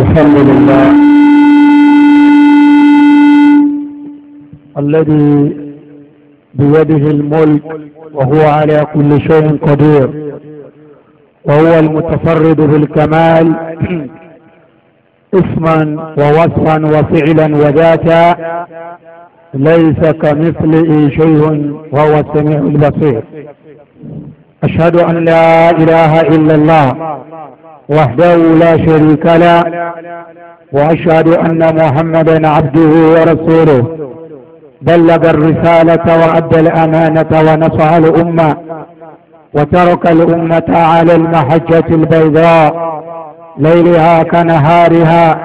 الحمد لله الذي بيده الملك وهو على كل شيء قدير وهو المتفرد بالكمال اسما ووصفا وفعلا وذاتا ليس كمثله شيء وهو السميع البصير اشهد ان لا اله الا الله وحده لا شريك له وأشهد أن محمدا عبده ورسوله بلغ الرسالة وأدى الأمانة ونصح الأمة وترك الأمة على المحجة البيضاء ليلها كنهارها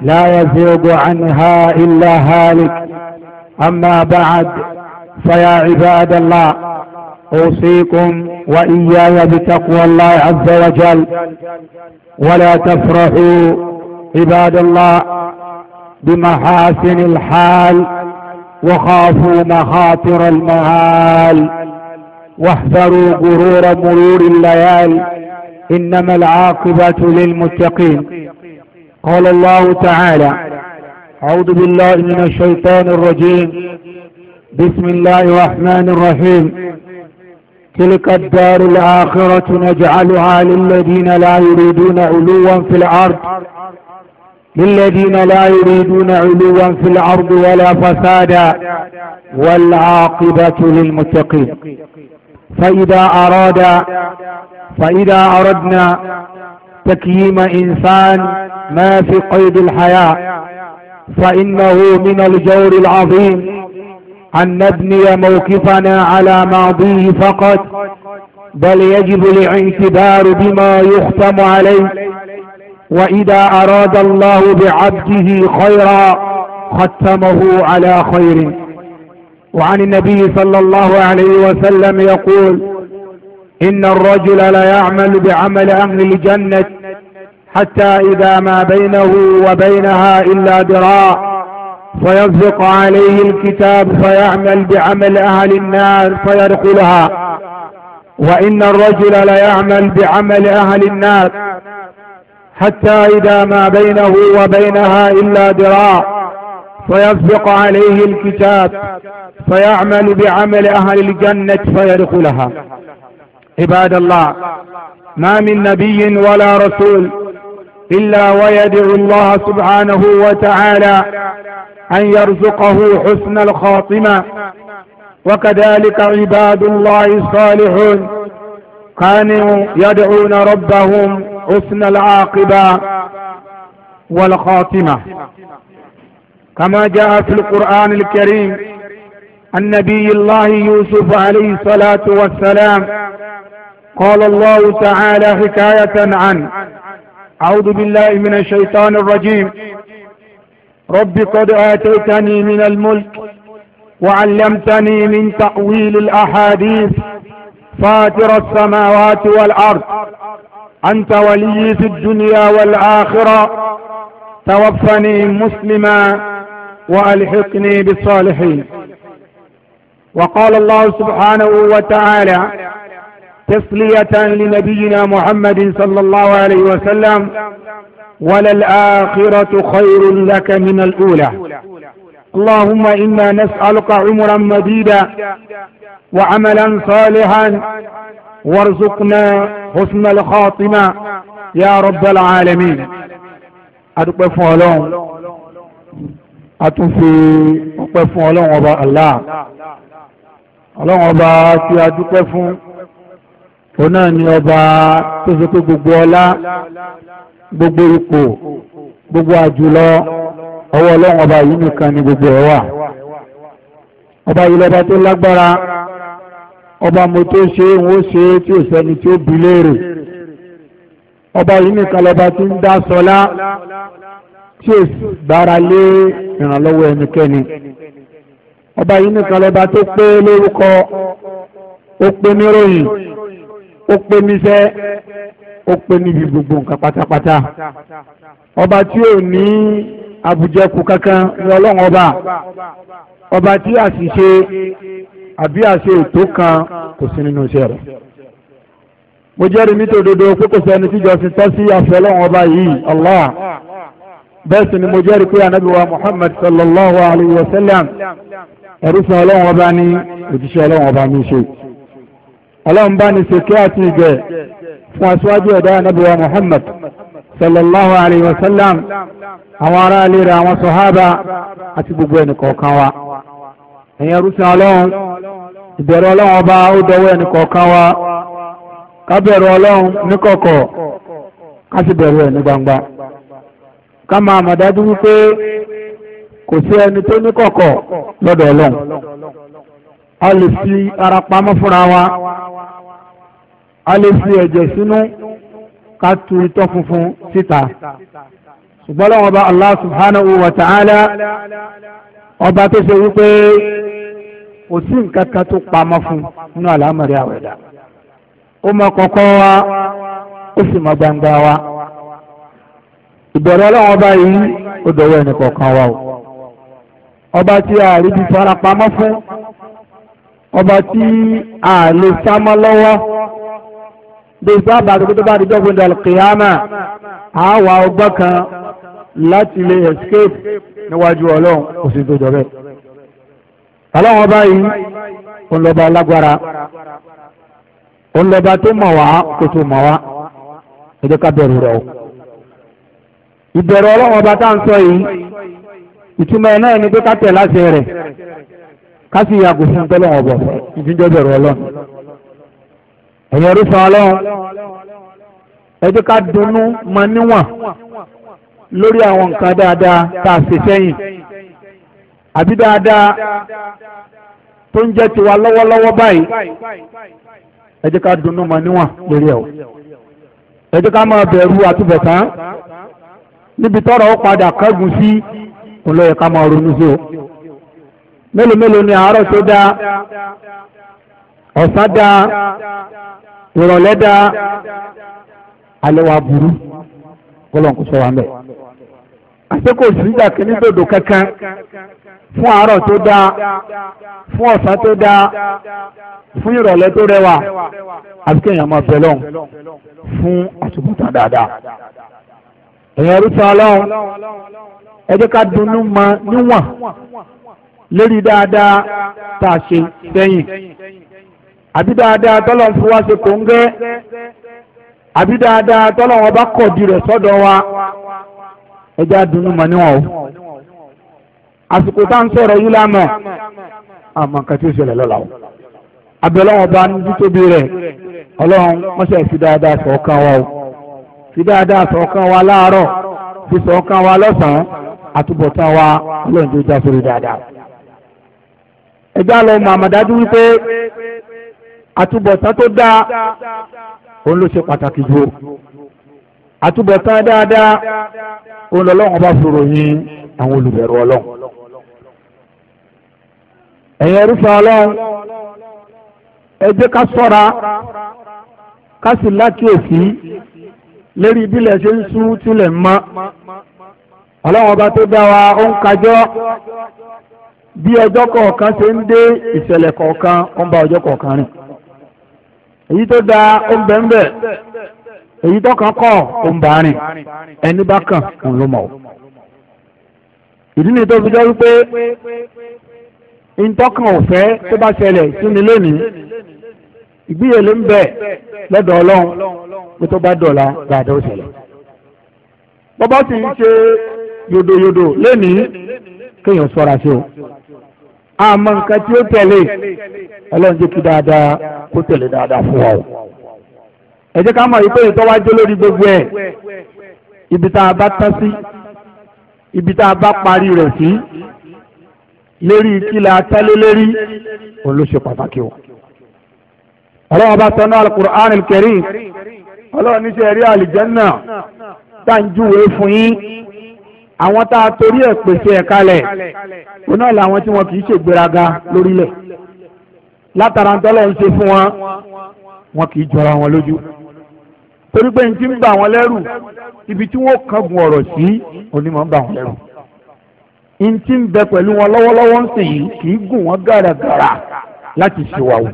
لا يزيغ عنها إلا هالك أما بعد فيا عباد الله أوصيكم وإياي بتقوى الله عز وجل ولا تفرحوا عباد الله بمحاسن الحال وخافوا مخاطر المعال واحذروا غرور مرور الليالي إنما العاقبة للمتقين قال الله تعالى أعوذ بالله من الشيطان الرجيم بسم الله الرحمن الرحيم تلك الدار الآخرة نجعلها للذين لا يريدون علوا في الأرض للذين لا يريدون علوا في الأرض ولا فسادا والعاقبة للمتقين فإذا أراد فإذا أردنا تكييم إنسان ما في قيد الحياة فإنه من الجور العظيم أن نبني موقفنا على ماضيه فقط بل يجب الاعتبار بما يختم عليه وإذا أراد الله بعبده خيرا ختمه على خير وعن النبي صلى الله عليه وسلم يقول إن الرجل لا يعمل بعمل أهل الجنة حتى إذا ما بينه وبينها إلا ذراع فيصدق عليه الكتاب فيعمل بعمل أهل النار فيدخلها وإن الرجل ليعمل بعمل أهل النار حتى إذا ما بينه وبينها إلا ذراع فيصدق عليه الكتاب فيعمل بعمل أهل الجنة فيدخلها عباد الله ما من نبي ولا رسول إلا ويدعو الله سبحانه وتعالى أن يرزقه حسن الخاتمة وكذلك عباد الله الصالحون كانوا يدعون ربهم حسن العاقبة والخاتمة كما جاء في القرآن الكريم عن نبي الله يوسف عليه الصلاة والسلام قال الله تعالى حكاية عنه أعوذ بالله من الشيطان الرجيم رب قد آتيتني من الملك وعلمتني من تأويل الأحاديث فاتر السماوات والأرض أنت ولي في الدنيا والآخرة توفني مسلما وألحقني بالصالحين وقال الله سبحانه وتعالى تسلية لنبينا محمد صلى الله عليه وسلم وللآخرة خير لك من الأولى اللهم إنا نسألك عمرا مديدا وعملا صالحا وارزقنا حسن الخاتمة يا رب العالمين أدوك فعلون أتوفي أدوك فعلون وبا الله الله وبا تي أدوك Ona ni ọba tó ṣe pé gbogbo ọlá gbogbo ipò gbogbo àjùlọ ọwọ́ ọlọ́run ọba yìí nìkan ni gbogbo ẹ̀ wà ọba yìí lọ́ba tó lágbára ọba mo tó ṣe é wọ́n ṣe é tí ò sẹ́ni tí ó bi léèrè ọba yìí nìkan lọ́ba tí ń dá sọlá tí ò gbára lé ìrànlọ́wọ́ ẹnikẹ́ni ọba yìí nìkan lọ́ba tó pé lórúkọ ó pé níròyìn ó pé níṣẹ́ ó pé níbi gbogbo nǹkan pátápátá ọba tí ò ní àbùjẹkù kankan ní ọlọ́run ọba ọba tí àṣìṣe àbí àṣe ètò kan kò sí nínú iṣẹ́ rẹ̀ mo jẹ́rìí ní pé kò sẹ́ni tíjọ́sìn tọ́ sí àfi ọlọ́run ọba yìí Allah bẹ́ẹ̀ sì ni mo jẹ́rìí pé ànábì wa Muhammad sallallahu alayhi wa sallam ẹ̀rú sọ ọlọ́run ọba ní òjíṣẹ́ ọlọ́run ọba ní í ọlọ́run bá ní ṣe kí àti ìgẹ̀ fún aṣáájú ẹ̀dá anábìwá muhammad sallallahu alayhi wa sallam àwọn ará ilé rẹ̀ àwọn sọ̀hábà àti gbogbo ọlọ́run ọlọ́run ọba ó dọwọ́ ẹnì wa ọlọ́run níkọ̀kọ̀ ẹ̀ ní gbangba ká máa mọ̀ dájú wípé kò sí wa a lè fi ẹ̀jẹ̀ sinu ka tu funfun sita. ṣùgbọ́n lọ́wọ́ ọba Allah subhanahu wa ta'ala ọba tó ṣe wípé kò sí nǹkan kan tó pamọ́ fún nínú àlámọ̀rí àwẹ̀dá ó mọ wa ó sì mọ gbangba wa ìbẹ̀rẹ̀ ọba yìí ó dọ̀wọ́ ẹnì kọ̀ọ̀kan wa o ọba tí a rí bí farapamọ́ ọba tí a lè bísí àbàtì kó tó bá di jọ́gbìn dàl kìyàmà á wà kan láti lè escape níwájú ọlọ́run kò sí tó jọ lọ́ba lọ́ba tó mọ̀ wá kó tó mọ̀ wá ká bẹ̀rù rẹ̀ o. ìbẹ̀rù ọlọ́run ọba tá à ń sọ yìí ìtumọ̀ ẹ̀ náà ni pé ẹ̀yin orísun ọlọ́run ẹ jẹ́ ká dunnú mọ níwọ̀n lórí àwọn nǹkan dáadáa tá a ṣe sẹ́yìn àbí dáadáa tó ń jẹ́ tiwa lọ́wọ́lọ́wọ́ báyìí ẹ jẹ́ ká dunnú mọ níwọ̀n lórí ẹ̀ o ẹ jẹ́ ká máa bẹ̀rù àtúbọ̀tán níbi tọ́rọ̀ ó padà kẹ́gùn sí ká máa ronú sí o mélòó mélòó ni àárọ̀ tó dáa ọ̀sán ìrọ̀lẹ́ dá alẹ́ wa burú kọ́lọ́n kò sọ wa mẹ́. àṣé kò sí ìjà kí ní dòdò kankan fún àárọ̀ tó dáa fún ọ̀sán tó dáa fún ìrọ̀lẹ́ tó rẹwà àbí kéèyàn máa bẹ̀ lọ́hùn fún àtúbọ̀tán dáadáa. èèyàn rúta ọlọ́run ẹ jẹ́ ká dunnú mọ níwọ̀n lórí dáadáa tá a ṣe sẹ́yìn. Abi tọ́lọ̀ ń fi wase ṣe kò ń gẹ́ àbí tọ́lọ̀ wọn bá kọ̀ di rẹ̀ sọ́dọ̀ wa ẹja dunu mọ̀ níwọ̀n o àsìkò tá à ń sọ̀rọ̀ yìí lánàá àmọ́ nǹkan tí ó ṣẹlẹ̀ lọ́la o abẹ́lọ́wọ̀n bá ní títóbi rẹ̀ ọlọ́run mọ́ṣẹ́ fi dáadáa wa o fi dáadáa sọ̀ọ́kan wa láàárọ̀ fi wa lọ́sàn-án àtúbọ̀tán wa ọlọ́run tó já sórí dáadáa ẹja àtúbọ̀tán tó dáa òun ló ṣe pàtàkì jù àtúbọ̀tán dáadáa òun lọ́lọ́run bá fòrò yín àwọn olùbẹ̀rù ọlọ́run ẹ̀yin ẹrúfẹ́ ọlọ́run ẹ ká sọ́ra ká sì lákìyèsí lérí ìbílẹ̀ ṣe ń sú tilẹ̀ mọ́ ọlọ́run ọba tó dá wa ó ń kájọ́ bí ọjọ́ kọ̀ọ̀kan ṣe ń dé ìṣẹ̀lẹ̀ kọ̀ọ̀kan ó ń bá ọjọ́ kọ̀ọ̀kan rìn. èyí tó dáa ó ń bẹ̀ ń bẹ̀ èyí tó kàn kọ́ ó ẹni bá kàn ń ló mọ̀ ìdí ni tó fi jẹ́ wípé ìtọ́kàn ọ̀fẹ́ tó bá ṣẹlẹ̀ sí ni lónìí ìgbìyànjú ń bẹ lọ́dọ̀ ọlọ́run tó bá dọ̀la dáadáa ṣẹlẹ̀ bọ́bá sì ń ṣe yòdòyòdò lónìí kéèyàn sọ́ra sí o àmọ́ nǹkan tí ó tẹ̀lé ọlọ́run jẹ́ kí dáadáa kó tẹ̀lé dáadáa fún wa o. ẹ jẹ́ ká mọ̀ yìí pé ìtọ́wájú lórí gbogbo ẹ̀ ibi tá a bá tán sí ibi tá a bá parí rẹ̀ sí lérí kílà tẹ́lẹ̀ òun ló ṣe pàtàkì o. ọlọ́run bá tọ́nú al-Qur'an ọlọ́run ní sẹ́ẹ̀rí àlìjẹ́nnà tá à ń júwèé fún yín àwọn tá a torí ẹ̀ pèsè ẹ̀ kalẹ̀ òun náà làwọn tí wọn kì í ṣègbéraga lórílẹ̀ látara ń tọ́lọ̀ ń ṣe fún wọn wọn kì í jọra wọn lójú torí pé n ti ń bà wọn lẹ́rù ibi tí wọ́n kángun ọ̀rọ̀ sí onímọ̀ ń bà wọn lẹ́rù n ti ń bẹ pẹ̀lú wọn lọ́wọ́lọ́wọ́ ń sìn yìí kì í gùn wọn gàràgàrà láti ṣèwàwò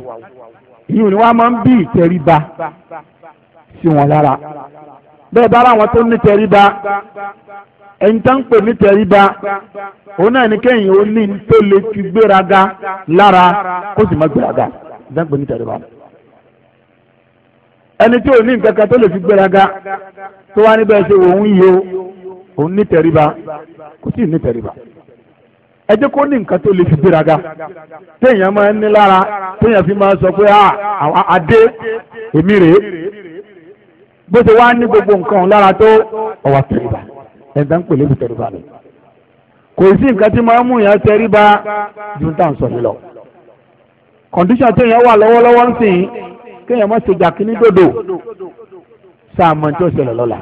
ìyóò ni wọn máa ń bí ìtẹríba sí wọn lára bẹ́ẹ̀ bá àwọn tó ní tẹríba ẹni ń pè ní òun náà ní kẹ́yìn ó ní tó lè fi gbéraga lára kó sì má gbéraga ẹni tá ń pè ní tẹríba ẹni tí ò ní tó fi gbéraga tó wá níbẹ̀ ṣe òun yìí òun ní ní ẹ jẹ́ kó ní nǹkan tó lè fi gbéraga téèyàn máa ń ní lára téèyàn fi máa sọ ah, bó ṣe wá ní gbogbo nǹkan ọ̀hún lára tó ọwọ́ tẹríba ẹ̀ńtà ń pè lébi tẹríba lọ. kò sí nǹkan tí máa ń mú yẹn tẹríba ju tá à ń sọ yìí lọ. kọ̀ǹdíṣàn tó yẹn wà lọ́wọ́lọ́wọ́ ń sìn kéèyàn má ṣe jà kíní dòdò sáà tó ṣẹlẹ̀ lọ́la.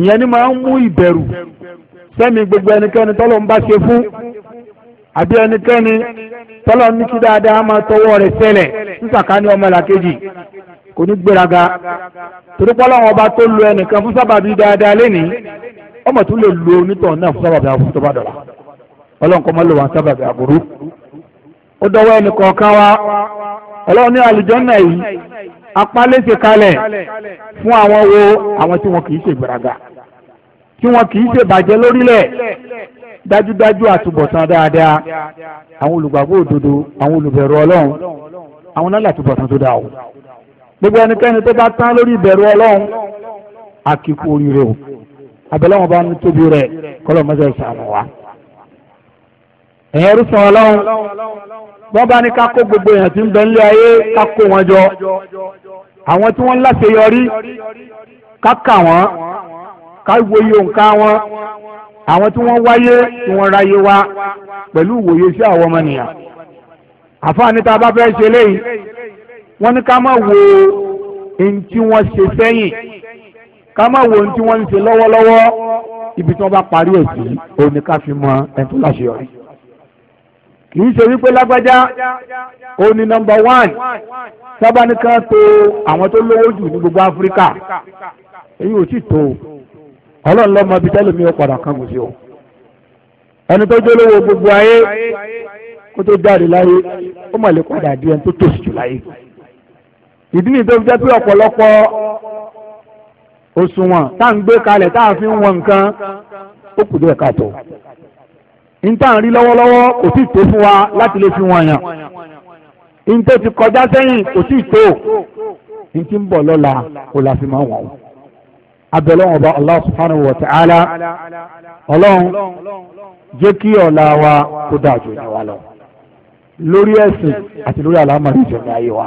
ìyẹn ni máa ń mú ìbẹ̀rù sẹ́mi gbogbo ẹnikẹ́ni tọ́lọ́ ń bá ṣe fún àbí ẹnikẹ́ni tọ́lọ́ ní kí dáadáa máa tọwọ́ rẹ̀ sẹ́lẹ̀ nísàkání ọmọlàkejì kò ní gbéraga torí pọ́lọ́wọ́n ọba tó lu ẹnìkan fún sábàbí dáadáa lénìí ọmọ tún lè lu onítọ̀hún náà fún sábàbí aburú tó bá dọ̀la ọlọ́nkọ́ mọ́ lò wá sábàbí aburú ó dọwọ́ ẹnìkọ̀ọ̀kan wa ọlọ́run ní àlùjọ́nà yìí apálẹ́sẹ̀ kalẹ̀ fún àwọn wo àwọn tí wọn kì í ṣe gbéraga tí wọn kì í ṣe bàjẹ́ lórílẹ̀ dájúdájú àtúbọ̀tán dáadáa àwọn olùgbàgbọ́ òdodo àwọn olùbẹ̀rù ọlọ́run àwọn náà làtúbọ̀tán tó dáa o gbogbo ẹnikẹ́ni tó bá tán lórí ìbẹ̀rù ọlọ́run àkìkù oríire o abẹ́lẹ́wọ̀n bá ní tóbi rẹ̀ kọ́lọ̀ mọ́sẹ̀ sàmù wa. ẹ̀yin ẹrúsàn ọlọ́run wọ́n bá ní ká kó gbogbo èèyàn tí ń bẹ nílé ayé ká kó wọn jọ àwọn tí wọ́n ń láṣeyọrí ká kà wọ́n ká wòye òǹkà wọn àwọn tí wọ́n wáyé tí wọ́n ráyé wá pẹ̀lú ìwòye sí àwọn ọmọnìyàn àfáàní tá a bá fẹ́ ṣe léyìí wọ́n ní ká má wo ohun tí wọ́n ṣe sẹ́yìn ká má wo ohun tí wọ́n ń ṣe lọ́wọ́lọ́wọ́ ibi tí wọ́n bá parí ẹ̀ sí òun ni ká fi mọ ẹni tó láṣeyọrí kì í ṣe wípé lágbájá òun ni nọ́mbà wán sábà tó àwọn tó lówó jù ní gbogbo áfíríkà èyí ò tí tó ọlọ́run lọ́mọ ibi tẹ́lẹ̀ mi ò padà kan gùn sí o ẹni tó jólówó gbogbo ayé kó tó jáde láyé ó mọ̀ lè padà di ẹni tó tòṣì jù láyé ìdí nìyí tó fi jẹ́ pé ọ̀pọ̀lọpọ̀ òṣùwọ̀n tá à ń gbé kalẹ̀ tá à fi ń wọn nǹkan ó kù díẹ̀ káàtó níta ń kò tí tó fún wa láti lè fi wọn yàn níta ti kọjá sẹ́yìn kò tí tó níta ń bọ̀ lọ́la kò la fi máa wọ̀ ọ́ abẹ́lẹ́wọ̀n ọba allah subhanahu wa ta'ala ọlọ́run jẹ́ kí ọ̀la wa kó dáa jù ní wa lọ lórí ẹ̀sìn àti lórí àlámọ̀rí ìjọba ayé wa.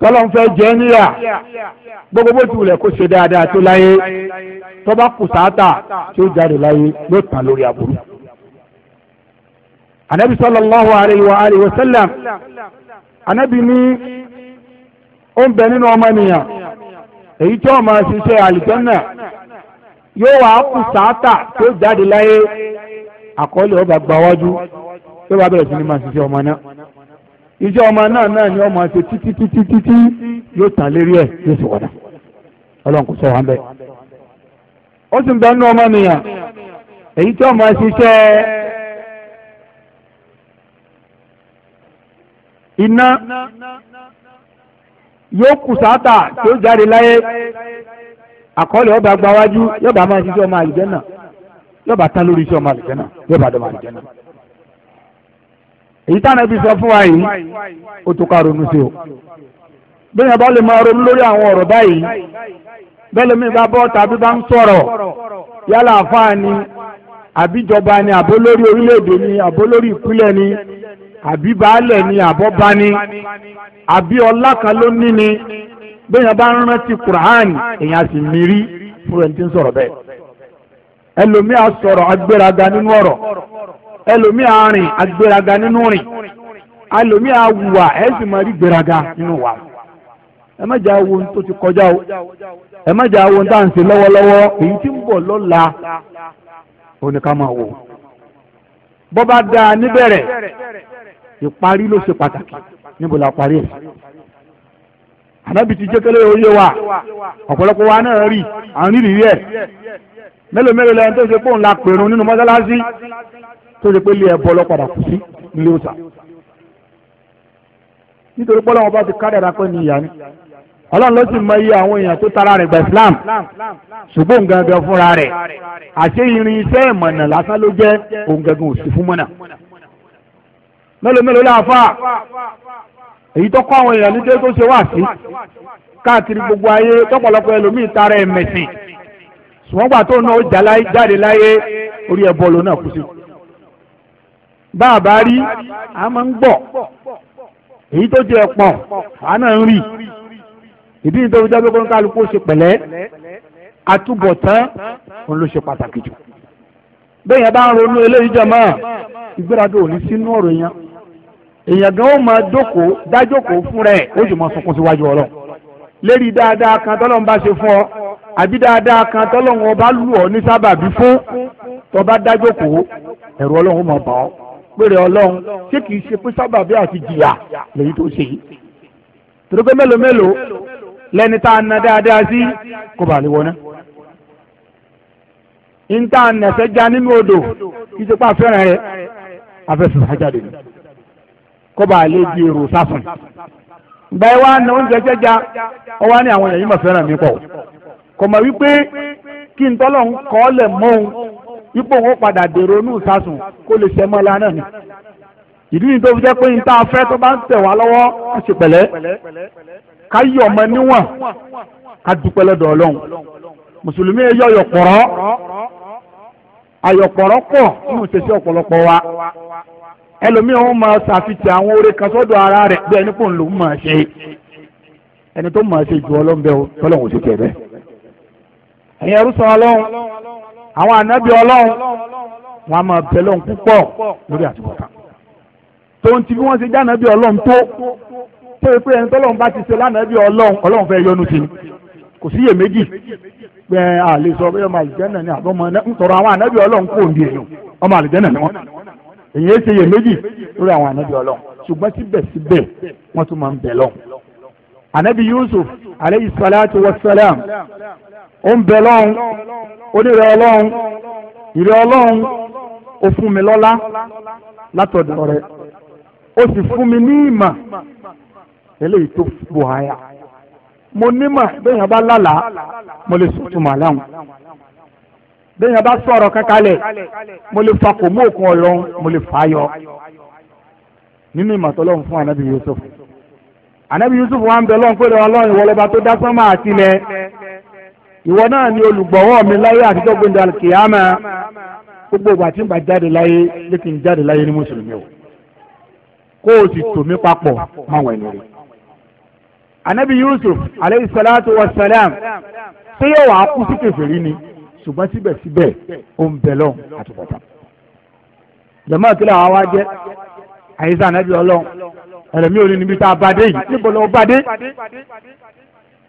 tọ́lọ́n fẹ́ jẹ́ níyà gbogbo bó ti wulẹ̀ kó ṣe dáadáa tó láyé tó bá kù sáátà tí ó jáde láyé yóò tán lórí aburú. anabi sallallahu alayhi wa alayhi wa sallam anabi ní ó ń bẹ nínú ọmọnìyàn èyí tí ó máa ṣiṣẹ́ àlìjọ́nà yóò wá kù sáátà tí ó jáde láyé àkọọ́lẹ̀ ọba gbawájú yóò wá bẹ̀rẹ̀ sí ni máa ṣiṣẹ́ ọmọ náà. ìjọ ọmọ náà náà ni ọmọ ṣe títí títí títí yóò tàn lérí ẹ̀ yóò sì wọ̀dà ọlọ́run kò sọ wọn bẹ́ẹ̀. ó sì ń bẹ́ẹ̀ nú ọmọ nìyàn èyí tí ọmọ ṣiṣẹ́ iná yóò kù ọba gbawaju yóò bá máa ṣiṣẹ́ ọmọ àlùjẹ́ náà yóò bá tán lórí iṣẹ́ ọmọ àlùjẹ́ náà yóò bá àlùjẹ́ èyí táwọn ẹbí sọ fún wa yìí ó o bẹ́ẹ̀ yẹn bá lè máa ronú lórí àwọn ọ̀rọ̀ báyìí bẹ́ẹ̀ lómi bá bọ́ tàbí bá ń sọ̀rọ̀ yálà àfáà ni àbíjọba ni àbólórí orílẹ̀ ni àbólórí ìpínlẹ̀ ni ni àbọ́ba ni àbí ọlá kan ló ní ni bẹ́ẹ̀ yẹn bá ń rántí Qur'an èèyàn sì mírí fún ẹni ẹlòmí àárín agbèraga nínú rìn alòmí àwùwà ẹ sì máa rí gbèraga nínú wà ẹ má jà wo tó ti kọjá o ẹ má jà wo tá à ń lọ́wọ́lọ́wọ́ èyí tí ń bọ̀ lọ́la òní ká bọ́ bá níbẹ̀rẹ̀ ìparí ló ṣe pàtàkì níbo la parí ẹ̀ ti jẹ́kẹ́lẹ́ oyé wa ọ̀pọ̀lọpọ̀ wa náà rí ẹ̀ mélòó mélòó lẹ́yìn tó ṣe pé ilé ẹbọ lọ padà kù sí ilé òòṣà nítorí pé ọlọ́run bá ti ká dàda pé ní ìyá ni ọlọ́run ló sì mọ iye àwọn èèyàn tó tara rẹ̀ gba Islam ṣùgbọ́n gangan fúnra rẹ̀ àṣé irin iṣẹ́ ìmọ̀nà lásán ló jẹ́ òun gangan òsì fún mọ́nà mélòó mélòó láàfà èyí tó kọ́ àwọn èèyàn ní dé tó ṣe wá sí káàkiri gbogbo ayé tọ́pọ̀lọpọ̀ ẹlòmíì tara ẹ̀mẹ̀sìn ṣùgbọ́n gbà tó náà ó jáde láyé orí ẹ̀bọ lónà kù sí bá a bá rí a máa ń gbọ́ èyí tó jẹ́ pọ̀ àánà ń rí ìdí ní tóbi jábẹ́ kọ́ńtà kálukú ṣe pẹ̀lẹ́ àtúbọ̀tán òun ló ṣe pàtàkì jù bẹ́ẹ̀ yẹn bá ń ronú eléyìí jọ̀mọ́ ìgbéraga ò ní sínú ọ̀rọ̀ yẹn èèyàn gan ó máa jókòó dájókòó fún rẹ̀ ó sì máa sunkún síwájú ọlọ́run lérí dáadáa kan tọ́lọ́run bá ṣe fún ọ àbí dáadáa kan tọ́lọ́run ọba lù ọ ní sábàbí fún tọba dájókòó ẹ̀rù ọlọ́run máa bà ọ́ pèrè ọlọ́run ṣé kìí ṣe pé sábàbí àti jìyà lèyí tó ṣe yìí mélòó mélòó lẹni tá a na dáadáa sí kó bàa lè wọná n tá já nínú odò kìí ṣe pé àfẹ́ràn rẹ ni lè di èrò sáfún wá oúnjẹ ní àwọn èèyàn yìí mọ̀ fẹ́ràn mi pọ̀ kò mọ̀ wípé kí n tọ́lọ̀ ń kọ́ lẹ̀ ipò wọn padà dèrò ní ìsásùn kó lè ṣe mọ́lá náà ni ìdí ni tó fi jẹ́ pé n tá a fẹ́ tó bá ń tẹ̀ wá lọ́wọ́ ká ṣe pẹ̀lẹ́ ká yí ọmọ níwọ̀n ká dúpẹ́ lọ́dọ̀ ọlọ́run mùsùlùmí ẹ yọ ọ̀yọ̀pọ̀rọ̀ ayọ̀pọ̀rọ̀ pọ̀ nínú ìṣesí ọ̀pọ̀lọpọ̀ wa ẹlòmíràn wọn máa ṣàfihàn àwọn oore kan sọ́dọ̀ ara rẹ̀ bí ẹni pò ń lò ó máa ṣe ẹni tó máa ṣe ju ọlọ́mbẹ́ o tọ́lọ́hùn ò sì tẹ̀ bẹ́ẹ̀ ẹ̀yin ẹrú sọ ọlọ́run àwọn ànábì ọlọ́run wọn a máa bẹ lọ́hùn púpọ̀ lórí àtúbọ̀tán tóun ti bí wọ́n ṣe jáná bí ọlọ́run tó tó o pé ẹni tọ́lọ́run bá ti ṣe lánàá bí ọlọ́run ọlọ́run fẹ́ yọ́nú sí ni kò síyè méjì pé a lè sọ pé ọmọ àlùjẹ́nà ni àbọ̀mọ àwọn ànábì ọlọ́run kò ní èèyàn ọmọ àlùjẹ́nà ni wọ́n èyí ṣe yè lórí àwọn ànábì ọlọ́run ṣùgbọ́n síbẹ̀síbẹ̀ wọ́n tún máa ń bẹ̀ lọ́hùn. ànábì Yusuf aleyhi salatu wa salam ó ń bẹ lọ́hún onírẹ̀ ọlọ́hún ìrẹ̀ ọlọ́hún ó fún mi lọ́lá látọ̀dọ̀ rẹ̀ ó sì fún mi ní ìmọ̀ eléyìí tó bò áyà mo nímọ̀ béèyàn bá lálàá mo lè sọ̀tún màláhùn béèyàn bá sọ̀rọ̀ kankalẹ̀ mo lè fa kò mú òkun ọ̀yọ́ mo lè fà á yọ nínú ìmọ̀tọ́lọ́hún fún anabi Yusuf anabi Yusuf wa ń bẹ lọ́hún pé ọlọ́run ìwọlọ́ba tó dá sánmà àti ilẹ̀ ìwọ náà ni olùgbọ̀wọ́ mi láyé àtijọ́ gbẹ̀ndà kìámà gbogbo ìgbà tí ń bá jáde láyé lékì ń jáde láyé ní mùsùlùmí o kó o sì tò mí papọ̀ máwọn ẹni rẹ̀. anabi yusuf aleyhi salatu wa salam ṣé yóò wàá kú sí kèfèrí ni ṣùgbọ́n síbẹ̀síbẹ̀ ó ń bẹ lọ́n àtúbọ̀tán. jọ̀mọ́ ìkílẹ̀ àwa wá jẹ́ àyíṣà anabi ọlọ́run ẹlẹ́mi ò ní níbi tá a bá dé yìí níbo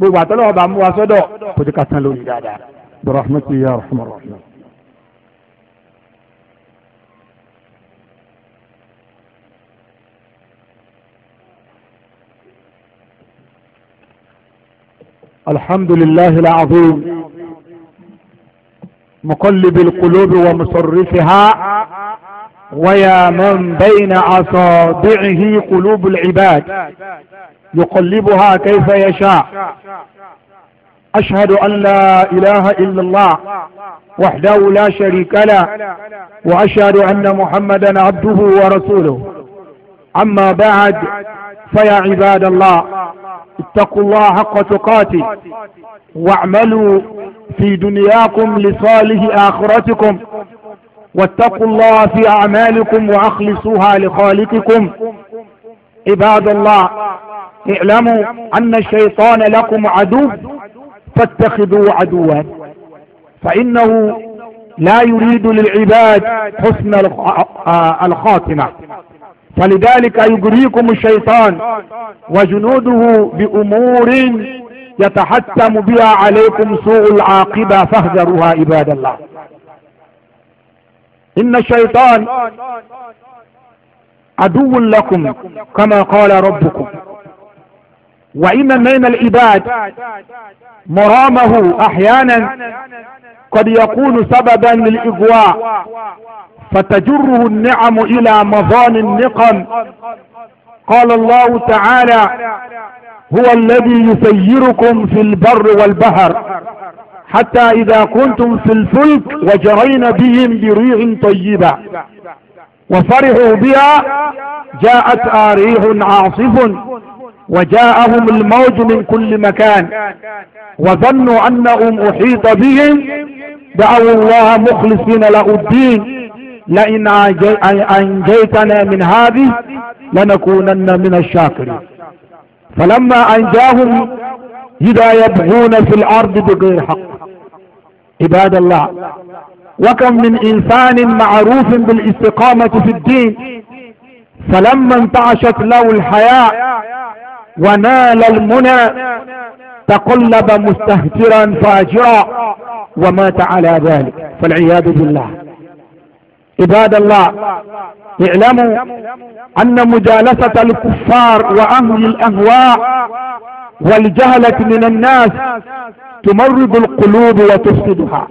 بوبا تلو با مو اسودو كوجي كاتان لوري دادا برحمتي يا رحم الرحيم الحمد لله العظيم مقلب القلوب ومصرفها ويا من بين اصابعه قلوب العباد يقلبها كيف يشاء أشهد أن لا إله إلا الله وحده لا شريك له وأشهد أن محمدا عبده ورسوله أما بعد فيا عباد الله اتقوا الله حق تقاته واعملوا في دنياكم لصالح آخرتكم واتقوا الله في أعمالكم وأخلصوها لخالقكم عباد الله اعلموا أن الشيطان لكم عدو فاتخذوا عدوا فإنه لا يريد للعباد حسن الخاتمة فلذلك يجريكم الشيطان وجنوده بأمور يتحتم بها عليكم سوء العاقبة فاهذروها عباد الله إن الشيطان عدو لكم كما قال ربكم وإن من العباد مرامه أحيانا قد يكون سببا للإغواء فتجره النعم إلى مظان النقم قال الله تعالى هو الذي يسيركم في البر والبحر حتى إذا كنتم في الفلك وجرين بهم بريح طيبة وفرحوا بها جاءت آريح عاصف وجاءهم الموج من كل مكان وظنوا أنهم أحيط بهم دعوا الله مخلصين له الدين لئن أنجيتنا من هذه لنكونن من الشاكرين فلما أنجاهم إذا يبغون في الأرض بغير حق عباد الله وكم من إنسان معروف بالاستقامة في الدين فلما انتعشت له الحياة ونال المنى تقلب مستهترا فاجرا ومات على ذلك فالعياذ بالله عباد الله اعلموا ان مجالسة الكفار واهل الاهواء والجهلة من الناس تمرض القلوب وتفسدها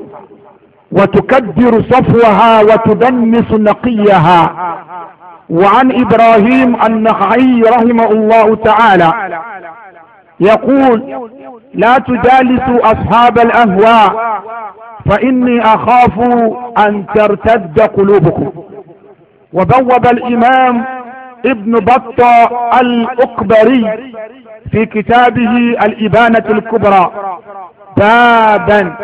وتكدر صفوها وتدنس نقيها وعن إبراهيم النخعي رحمه الله تعالى يقول لا تجالسوا أصحاب الأهواء فإني أخاف أن ترتد قلوبكم وبوب الإمام ابن بطة الأكبري في كتابه الإبانة الكبرى بابا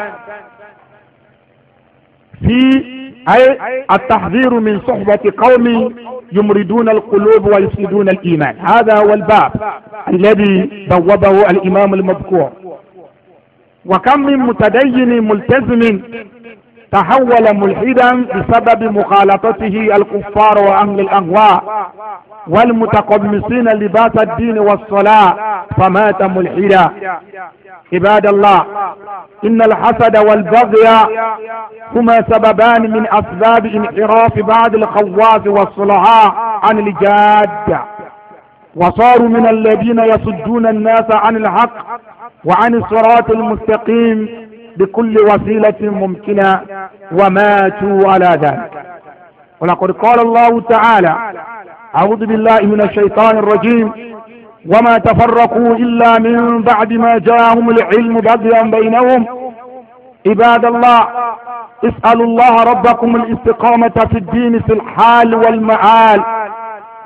في أي التحذير من صحبة قوم يمردون القلوب ويفسدون الإيمان هذا هو الباب الذي بوبه الإمام المذكور وكم من متدين ملتزم تحول ملحدا بسبب مخالطته الكفار واهل الاهواء والمتقمصين لباس الدين والصلاه فمات ملحدا عباد الله إن الحسد والبغي هما سببان من أسباب انحراف بعض الخواص والصلحاء عن الجادة وصاروا من الذين يصدون الناس عن الحق وعن الصراط المستقيم بكل وسيلة ممكنة وماتوا على ذلك ولقد قال الله تعالى أعوذ بالله من الشيطان الرجيم وما تفرقوا إلا من بعد ما جاءهم العلم بغيا بينهم عباد الله اسألوا الله ربكم الاستقامة في الدين في الحال والمعال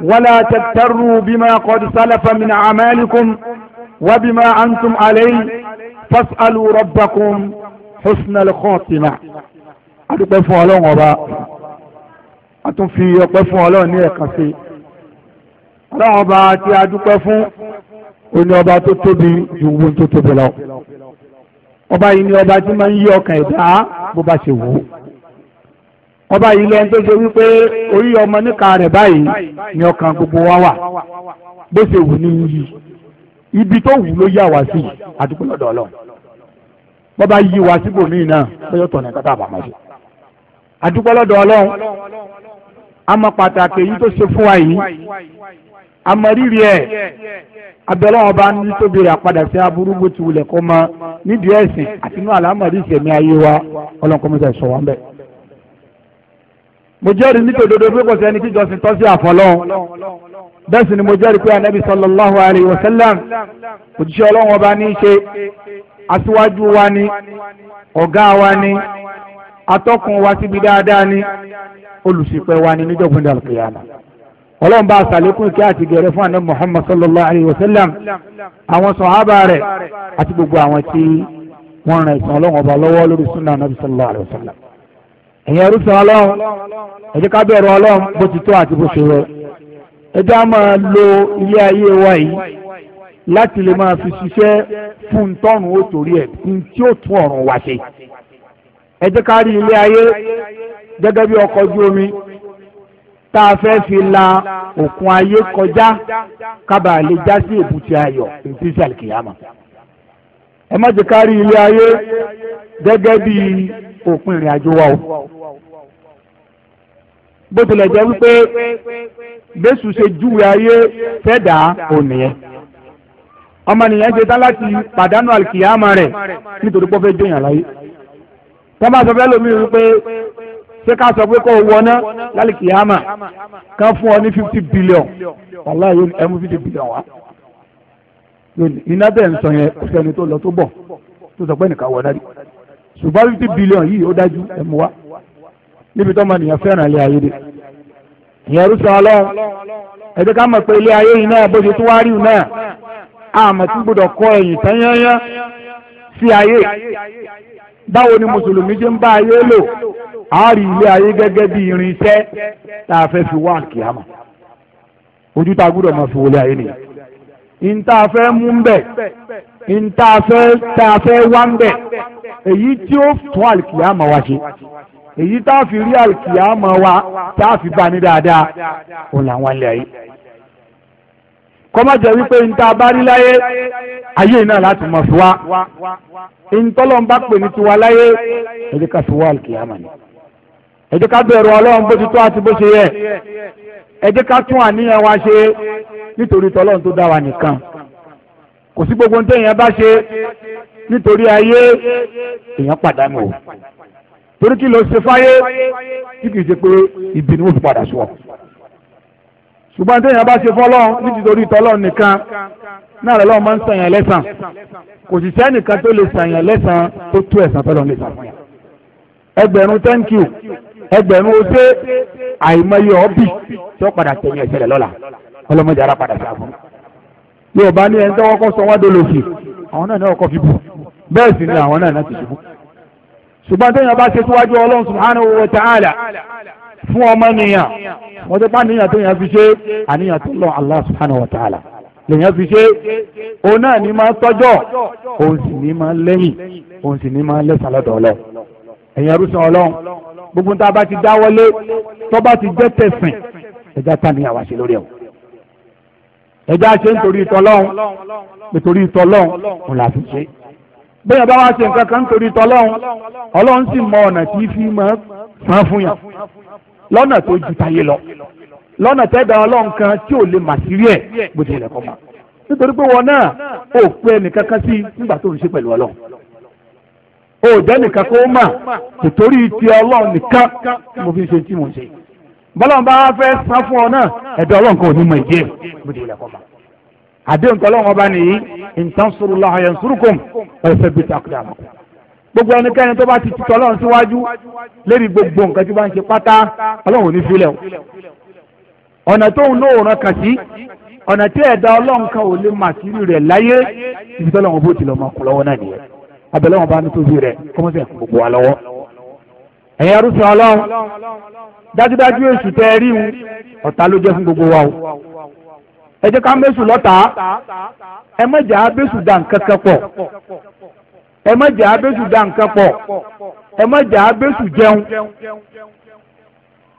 ولا تغتروا بما قد سلف من أعمالكم وبما أنتم عليه فاسألوا ربكم حسن الخاتمة adúpẹ́ على ọlọ́run ọba a tún fi ọpẹ́ ọlọ́run ọba tí a dúpẹ́ fún ó ní ọba tó tóbi ju owó tó tóbi lọ ọba yìí ni ọba tí máa ń yí ọkàn ẹ̀dá bó bá ṣe wù ú ọba yìí lẹ́yìn tó ṣe wípé orí ọmọ níka rẹ̀ báyìí ni ọkàn gbogbo wa wà bó ṣe wù ní yí ibi tó wù ló yà wá sí àdúgbò lọ́dọ̀ ọlọ́run bọ́ bá yí wa síbòmíì náà bóyá tọ̀nà ìkọ́tà àbámọ́ sí àdúgbò lọ́dọ̀ ọlọ́run àmọ́ pàtàkì èyí tó ṣe fún wa yìí àmọ̀rírì ẹ̀ abẹ́rẹ́ ọba ní tóbi rẹ̀ àpadà sí aburú bó ti wulẹ̀ kó mọ nídìí ẹ̀sìn àti inú àlámọ̀rí ìṣẹ̀mí ayé wa ọlọ́nkọ́mọṣẹ́ sọ wá ń mo jẹ́rìí nítòdodo pé kò sẹ́ni tí jọ́sìn tọ́ sí bẹ́ẹ̀ sì ni mo jẹ́rìí pé anabi sallallahu alayhi wa sallam òjíṣẹ́ ọlọ́run ọba ní í ṣe aṣíwájú wa ni ọ̀gá wa ni atọ́kùn wa síbi dáadáa ni olùṣìpẹ̀ wa ni níjọ́ gbọ́dọ̀ àlùkìyàmá ọlọ́run bá sàlékún kí àti gẹ̀rẹ́ fún àná muhammad sallallahu alayhi wa sallam àwọn sọ̀hábà rẹ̀ àti gbogbo àwọn tí wọ́n ràn ìsàn ọlọ́run ọba lọ́wọ́ lórí sunna anabi sallallahu alayhi wa sallam. ẹ̀yin ẹrú sọ ọlọ́run ẹ jẹ́ ká bẹ̀rù ọlọ́run bó ti tó àti bó ṣe rẹ̀ ẹ jẹ́ máa lo ilé ayé wa yìí láti lè máa fi ṣiṣẹ́ fún tọ́run ó torí ẹ̀ tí ó tún ọ̀run wá ṣe ká rí ilé ayé gẹ́gẹ́ bí ọkọ̀ ojú omi tá a fẹ́ fi la òkun ayé kọjá kábà lè já sí èbúté ayọ̀ èbúté sí àlìkìyàmà ẹ má jẹ́ ká rí ilé ayé gẹ́gẹ́ bí òpin ìrìn àjò wa o bó tilẹ̀ jẹ́ wípé bẹ́sù ṣe júwe ayé fẹ́dà ònìyẹn ọmọnìyàn ṣe tán láti pàdánù àlìkìyàmà rẹ̀ nítorí pé jóyàn láyé tọ́ sọ fẹ́ lómi wípé ṣé ká sọ pé kó o wọná lálùkì yàmà kan fún ọ ní fifty billion wàláhì yóò ẹ mú fifty billion wá iná bẹ́ẹ̀ ń sọ yẹn kò sẹ́ni tó lọ tó bọ̀ tó sọ pé nìkan wọ̀ dájú ṣùgbọ́n fifty billion yìí ó dájú ẹ̀ mú wa níbi tó máa nìyẹn fẹ́ràn ilé ayé de ìyẹn rúṣọ ọlọ́run ẹ̀dẹ́ ká mọ̀ pé ilé ayé yìí náà bó ṣe tún wá rí i náà àmọ́ tí gbọ́dọ̀ kọ ẹ̀yìn tẹ́yẹ́yẹ́ sí ayé báwo ni mùsùlùmí ṣe ń bá ayé lò a rí ilé ayé gẹ́gẹ́ bí irinṣẹ́ tá a fẹ́ fi wá àkìyàmà ojú tá a gbúdọ̀ máa fi wọlé ayé nìyẹn nta fẹ́ mú ń bẹ̀ nta fẹ́ tá a fẹ́ wá ń bẹ̀ èyí tí ó tún àkìyàmà wa ṣe èyí tá a fi rí àkìyàmà wa tá a fi bá ní dáadáa òun làwọn ilé ayé kọ́má jẹ́ wípé nta bá rí láyé ayé náà láti mọ̀ fi wá ntọ́lọ́mbà pè ní tiwa láyé ẹ̀jẹ̀ ká fi wá àlùkìyàmà ni ẹ jẹ́ ká bẹ̀rù ọlọ́run bó ti tó àti bó ṣe yẹ ẹ jẹ́ ká tún àníyàn wa ṣe nítorí tọ́lọ́run tó dá wa nìkan kò sí gbogbo ní téèyàn bá ṣe nítorí ayé èèyàn pàdánù o torí kí ló ṣe fáyé tí kì í ṣe pé ibi ni wọ́n fi padà sọ ṣùgbọ́n téèyàn bá ṣe fọ́lọ́run nítorí tọ́lọ́run nìkan náà lọ́wọ́ máa ń sàyàn lẹ́sàn kò sì sẹ́nìkan tó lè sàyàn lẹ́sàn tó tó ẹ̀sán tọ́lọ́run lè sàn ẹgbẹ̀rún thank you ẹgbẹ̀rún ó ṣe àìmọye ọ̀bì tí ó padà tẹ̀yìn ẹ̀ṣẹ̀lẹ̀ lọ́la ọlọ́mọdé ara padà ṣàfún. yóò bá ní ẹni tó kọ́kọ́ sọ wá dolófì àwọn náà ní ọkọ̀ fi bù bẹ́ẹ̀ sì ni àwọn náà náà ti ṣubú. ṣùgbọ́n téèyàn bá ṣe síwájú ọlọ́run subhanahu wa ta'ala fún ọmọ nìyàn wọ́n ti pa níyàn téèyàn fi ṣe àníyàn tó lọ Allah subhanahu wa ta'ala lèyàn fi ṣe òun náà ní máa tọ́jọ́ òun sì ní máa lẹ́yìn òun sì ní máa lẹ́sàn lọ́dọ̀ ọlọ́run ẹ̀yin arúsàn ọlọ́run gbogbo tá a bá ti dáwọ́lé tó bá ti jẹ́ tẹ̀sìn ẹ̀já tàníyàn wá sí lórí ẹ̀ o ẹ̀já ṣe nítorí ìtọ́lọ́run nítorí ìtọ́lọ́run òun là fi ṣe bẹ́ẹ̀ bá wá ṣe nǹkan kan nítorí ìtọ́lọ́run ọlọ́run sì mọ ọ̀nà tí fi máa san fún yàn lọ́nà tó ju tayé lọ lọ́nà tẹ́gbà ọlọ́run kan tí ò lè mà sírí ẹ̀ bó tilẹ̀ nítorí pé wọn náà ò pé ẹnìkankan sí nígbà tó ń ṣe pẹ̀lú ọlọ́run o ò jẹ́ nìkan kó mà kò torí ti ọlọ́run nìkan tí mo fi ṣe tí mo ṣe bọ́lá bá wá fẹ́ san fún ọ náà ẹ̀dọ̀ ọlọ́run kan ò ní mọ ìdí ẹ̀ mo dé ilẹ̀ kọ́ ma àdéhùn tọ́lọ́run ọba nìyí in tansurullaha yansurkum wa yuthabbit aqdamakum gbogbo ẹnikẹ́ni tó bá ti ti tọ́lọ́run síwájú lérí gbogbo nǹkan tí wọ́n ń ṣe pátá ọlọ́run ò ní filẹ̀ o ọ̀nà tóun náà ràn kàn sí ọ̀nà tí ẹ̀dá ọlọ́run ò lè mà sí rẹ̀ láyé ibi tọ́lọ́run bó ti lọ́ọ́ lọ́wọ́ náà nìyẹn abẹ́lẹ́ wọn bá ní tóbi rẹ̀ kọ́mọ́sẹ̀ gbogbo wa lọ́wọ́. ẹ̀yin arúgbó ọlọ́run dájúdájú èṣù tẹ́ ẹ rí wọn ọ̀tá ló jẹ́ fún gbogbo wa o. ẹ jẹ́ ká mẹ́sù lọ́ta ẹ mọ̀jà abẹ́sù dà nǹkan pọ̀ ẹ mọ̀jà abẹ́sù dà nǹkan pọ̀ ẹ mọ̀jà abẹ́sù jẹun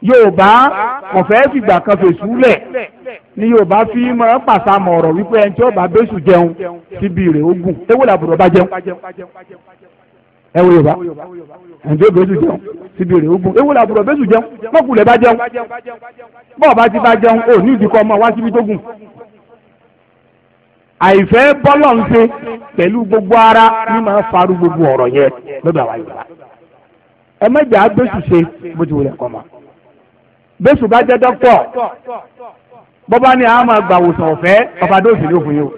yorùbá kò fẹ́ fìgbà kan fèsù lẹ̀ ni yorùbá fi máa pàṣàmọ̀ ọ̀rọ̀ wípé ẹni tí ó bá bẹ́sù jẹun síbi rẹ̀ ó gùn ewé làbùrọ̀ bá jẹun ẹ wo yorùbá ẹni tí ó bẹ́sù jẹun síbi rẹ̀ ó gùn ewé làbùrọ̀ bẹ́sù jẹun mọ́kùlẹ̀ bá jẹun bọ́ọ̀ bá ti bá jẹun ò ní ìdíkọ́ ọmọ wá síbi tó gùn àìfẹ́ bọ́lọ̀ ń ṣe pẹ̀lú gbogbo ara ní máa farú gbogbo ọ̀rọ̀ yẹn lọ́dọ̀ àwa yorùbá ẹ mẹ́jà gbèsù ṣe bó ti wọlé kọ́ máa bẹ́sù bá jẹ́ dọ́kítọ̀ bọ́bá ni a máa gbà wòsàn ọ̀fẹ́ ọba dóòsì ló fún yín o.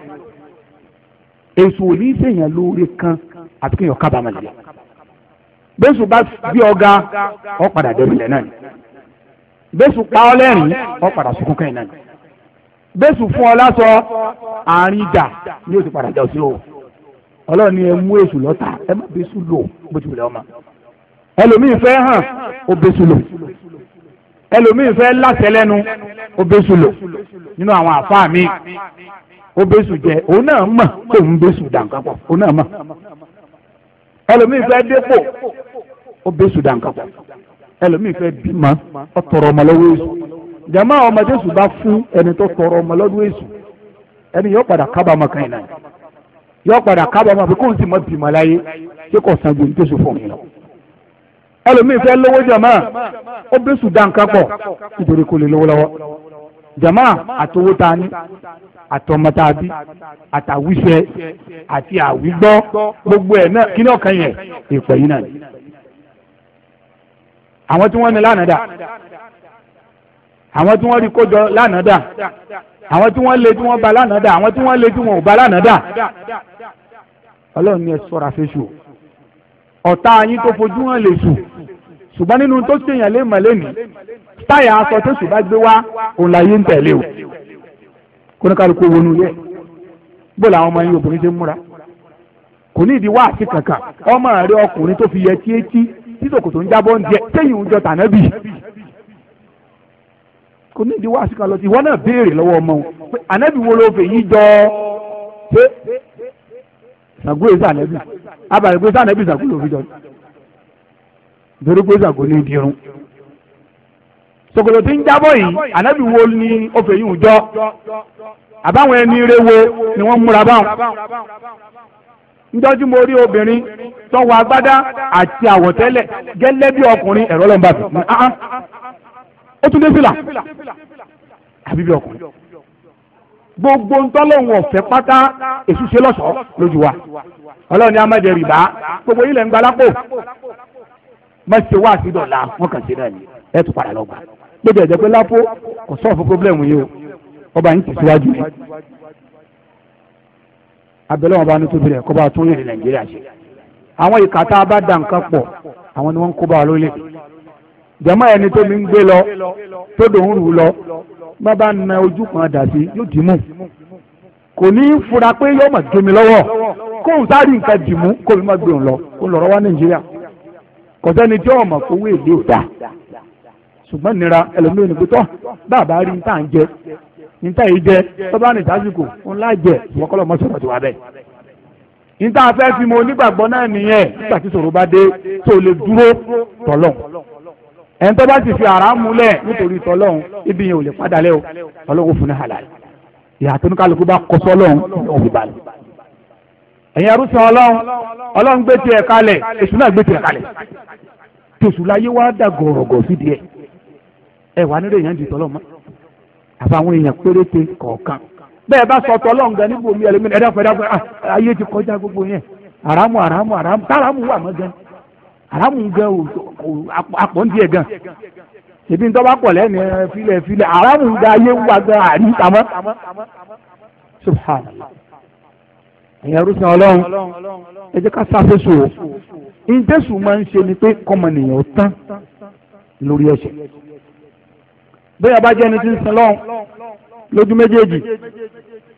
èso ò ní sèyàn lóore kan àti kéèyàn kábàámọ̀ lẹ́yìn. bẹ́sù bá bí ọ̀gá ọ̀ padà dẹ́bilẹ̀ náà ni. bẹ́sù pa ọ́ lẹ́rìn ọ̀ padà sunkún kẹ́yìn náà ni. bẹ́sù fún ọ lásọ àárín ìjà ni yóò ti padà jọ sí o. ọlọ́run ni ẹ mú èso lọ́ta ẹ má bẹ́sù lò bó ti wù ẹlòmíì fẹ́ láṣẹ lẹ́nu o lò nínú àwọn àfáà mi o jẹ òun náà mọ̀ ma ń beṣu dànkan òun náà mọ̀ ẹlòmíì fẹ́ dépò obeṣu dànkan pọ̀ ẹlòmíì fẹ́ bímọ ọtọrọ ọmọ lọ́wọ́ èṣù jàmá ọmọ jésù bá fún ẹni tó tọrọ ọmọ lọ́dún èṣù ẹni yóò padà kábàámọ̀ kan yìí náà yóò padà kábàámọ̀ bí kò ń sì mọ bímọ láyé tí kò san ju ní tó fún ẹlòmíì fẹ́ lówó jàmá ó bí sudan kan pọ̀ nítorí kò lè lówó lọ́wọ́ Jama, àtowó ta ní àtọmọ tá a bí àtàwíṣẹ àti àwígbọ́ gbogbo ẹ̀ náà kí ni ọ̀kan yẹn ìpè yín náà àwọn tí wọ́n ní lánàá dà àwọn tí wọ́n rí kójọ lánàá dà àwọn tí wọ́n lé tí wọ́n ba lánàá dà àwọn tí wọ́n lé tí wọ́n ò ba lánàá dà ọlọ́run ni ẹ sọ̀rọ̀ àfẹ́sù ọ̀tá yín tó fojú hàn lè sùn ṣùgbọ́n nínú tó ṣèyàn lé mọ̀lẹ́ ni táyà aṣọ tó sì bá gbé wá òun láyé ń tẹ̀lé o kóníkàlùkù wọnú yẹ bó làwọn ọmọ yín obìnrin ṣe ń múra kò ní ìdí wáàsí kankan ọmọ rẹ ọkùnrin tó fi yẹ tí etí tí tòkòtò ń jábọ́ ń jẹ sẹ́yìn ń jọ tànábì kò ní ìdí wáàsí kan lọ sí ìwọ náà béèrè lọ́wọ́ ọmọ wọn pé ànábì wo ló fẹ́ yí jọ pé sàgúrò sànẹ́bì abàlẹ̀ pé sànẹ́bì sàgúrò fi jọ nítorí pé Ṣàngó ní ìdírun ṣòkòtò tí ń jábọ̀ yìí ànábì wo ni ó fẹ́ yìí ń jọ àbáwọn ẹni rewo ni wọ́n múra báwọn njọ́jú mo rí obìnrin tó wọ agbádá àti àwọ̀tẹ́lẹ̀ gẹ́lẹ́ bí ọkùnrin ẹ̀rọ lọ́nba fi ní ahán ah. ó tún dé fìlà àbí bí ọkùnrin gbogbo ntọ́lọ́hún ọ̀fẹ́ pátá èṣù ṣe lọ́sọ̀ọ́ lójú wa ọlọ́run ní amájẹ rìbá gbogbo yìí lẹ́ gbalápò má ṣe wá sí dọ̀la wọn kàn sí náà ni ẹ tún padà lọ́gbà gbọ́dọ̀ ẹ̀jẹ̀ pé lápò kò sọ̀rọ̀ fún pọ́blẹ́mù yìí o ọba yín tẹ̀síwájú yìí abẹ́lẹ́ wọn bá ní tóbi rẹ̀ kó bá tún yẹn ní nàìjíríà ṣe àwọn ìka tá a bá da nǹkan pọ̀ àwọn ni wọ́n ń kó bá wa lólè jàmá ẹni tó mi ń gbé lọ tó dòun rù lọ bá bá na ojú kan dà sí yóò dì mú kò ní í fura pé yóò mà jómi lọ́wọ́ kóun sáré nǹkan dì mú kóun má gbé òun lọ kó lọ́rọ́ wá nàìjíríà kọ̀sẹ́ni tí ọmọ kówó èlé ò dáa ṣùgbọ́n nira ẹlòmíràn níbi tọ́ bàbá rí ní tà ń jẹ ní tà yìí jẹ tọ́ba ní ìdásìkò ńlá jẹ ìwọ́kọ́lọ́ mọ́ sọ̀rọ̀ tiwa bẹ́ẹ̀. ní tà fẹ́ fi mo onígbàgbọ́ náà nìyẹn nígbà tí sọ̀rọ̀ bá dé tó lè dúró tọ̀lọ̀ ẹni tó sì fi ara múlẹ̀ nítorí tọlọ́hún ibi yẹn ò lè padà lẹ́ o fún ní halal ìyàtọ̀ ní kálukú bá kọ́ sọ́lọ́hún ó fi balẹ̀ ẹ̀yin arúsàn ọlọ́run ọlọ́run gbé tiẹ̀ kalẹ̀ èṣù náà gbé tiẹ̀ kalẹ̀ tòṣù láyé wá dà gọ̀rọ̀gọ̀ sí díẹ̀ ẹ wà nílé èèyàn jìtọ́ lọ́mọ àfàwọn èèyàn péréte kọ̀ọ̀kan bẹ́ẹ̀ bá sọ tọ́ lọ́ǹgà níbo mi ẹlẹ́mìnira ẹ̀dá ah, ayé ti kọjá gbogbo yẹn àràmù àràmù àràmù wà mọ́ gan àràmù gan àpọ̀ ń gan ń tọ́ba pọ̀ lẹ́nu àràmù gan ayé wà gan àrí tamọ́ subhanallah. ẹ̀yàn rúṣin ọlọ́run ẹ jẹ́ ká sáfẹ́sù o ìjẹ́sù máa ń ṣe ni pé kọ́mọnìyàn tán lórí ẹ̀ṣẹ̀ bẹ́ẹ̀ yà bá jẹ́ ẹni tí ń sin lọ́run lójú méjèèjì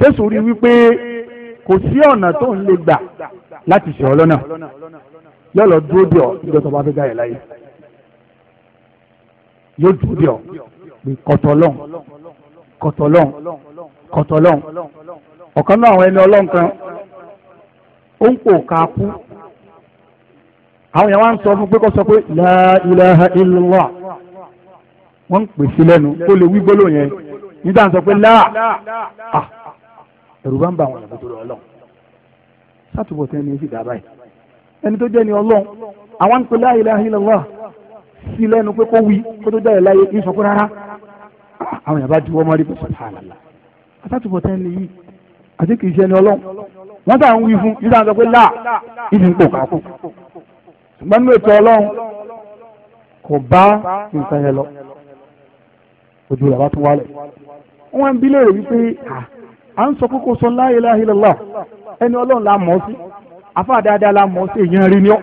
tẹ̀sù rí wípé kò sí ọ̀nà tó ń lè gbà láti ṣe ọlọ́nà yóò lọ dúró dì ọ́ ìjọ tó bá fẹ́ gáyẹ̀ láyé yóò dúró dì ọ́ pé kọ̀tọ̀lọ́n kọ̀tọ̀lọ́n kọ̀tọ̀lọ́n ọ̀kan náà àwọn ẹni ọlọ́nkan ó ń pò ká kú àwọn yẹn wá sọ fún pé kó sọ pé la ilaha illallah wọ́n ń pè sí lẹ́nu kó lè wí gbólóhùn yẹn nígbà sọ pé láà à ah, ẹ̀rù bá ń bà wọ́n ìbùdó ọlọ́run sátúbọ̀ tẹ́ ni èsì dábàá yìí ẹni tó jẹ́ ni ọlọ́run àwọn ń pè la ilaha illallah sí lẹ́nu pé kó wí kó tó jáde láyé ní sọ pé rárá ah, àwọn yàrá ju ọmọ rí pé sọ̀tà àti kì í ṣe ẹni ọlọ́run wọ́n tà ń wí fún yìí tà ń sọ pé láà ìdí ń pò káàkó ṣùgbọ́n nínú ètò ọlọ́run kò bá nǹkan yẹn lọ ojú rẹ̀ bá tún wálẹ̀ wọ́n ń bí léèrè wípé à ń sọ kókó sọ la ilaha illallah ẹni ọlọ́run la mọ̀ ọ́ sí afa dáadáa la mọ̀ ọ́ sí èèyàn rí ni ọ́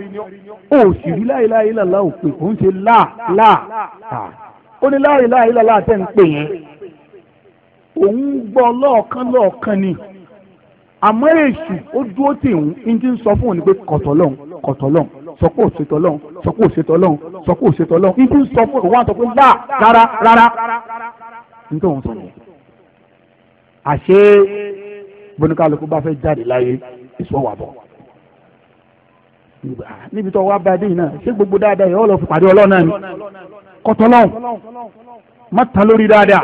ò sì rí la ilaha illallah ò pè kò ń ṣe láà láà ó ní la ilaha illallah àtẹ̀ ń pè yẹn òun gbọ́ lọ́ọ̀kan lọ́ọ̀kan ni àmọ́ èṣù ó dúró tì ń ń ti ń sọ fún òun ni pé kọ̀tọ̀lọ́n kọ̀tọ̀lọ́n sọ pé òṣètọ́lọ́n sọ pé òṣètọ́lọ́n sọ pé òṣètọ́lọ́n ń ti ń sọ fún òun wá sọ pé gbà rárá rárá nítorí òun sọ yẹn. àṣé bóníkàlùkù bá fẹ́ jáde láyé ìṣọwà bọ̀ níbi tó wá bá dé yìí náà ṣé gbogbo dáadáa yìí ó lọ fi pàdé ọlọ́run náà ni kọ̀tọ̀lọ́n má ta lórí dáadáa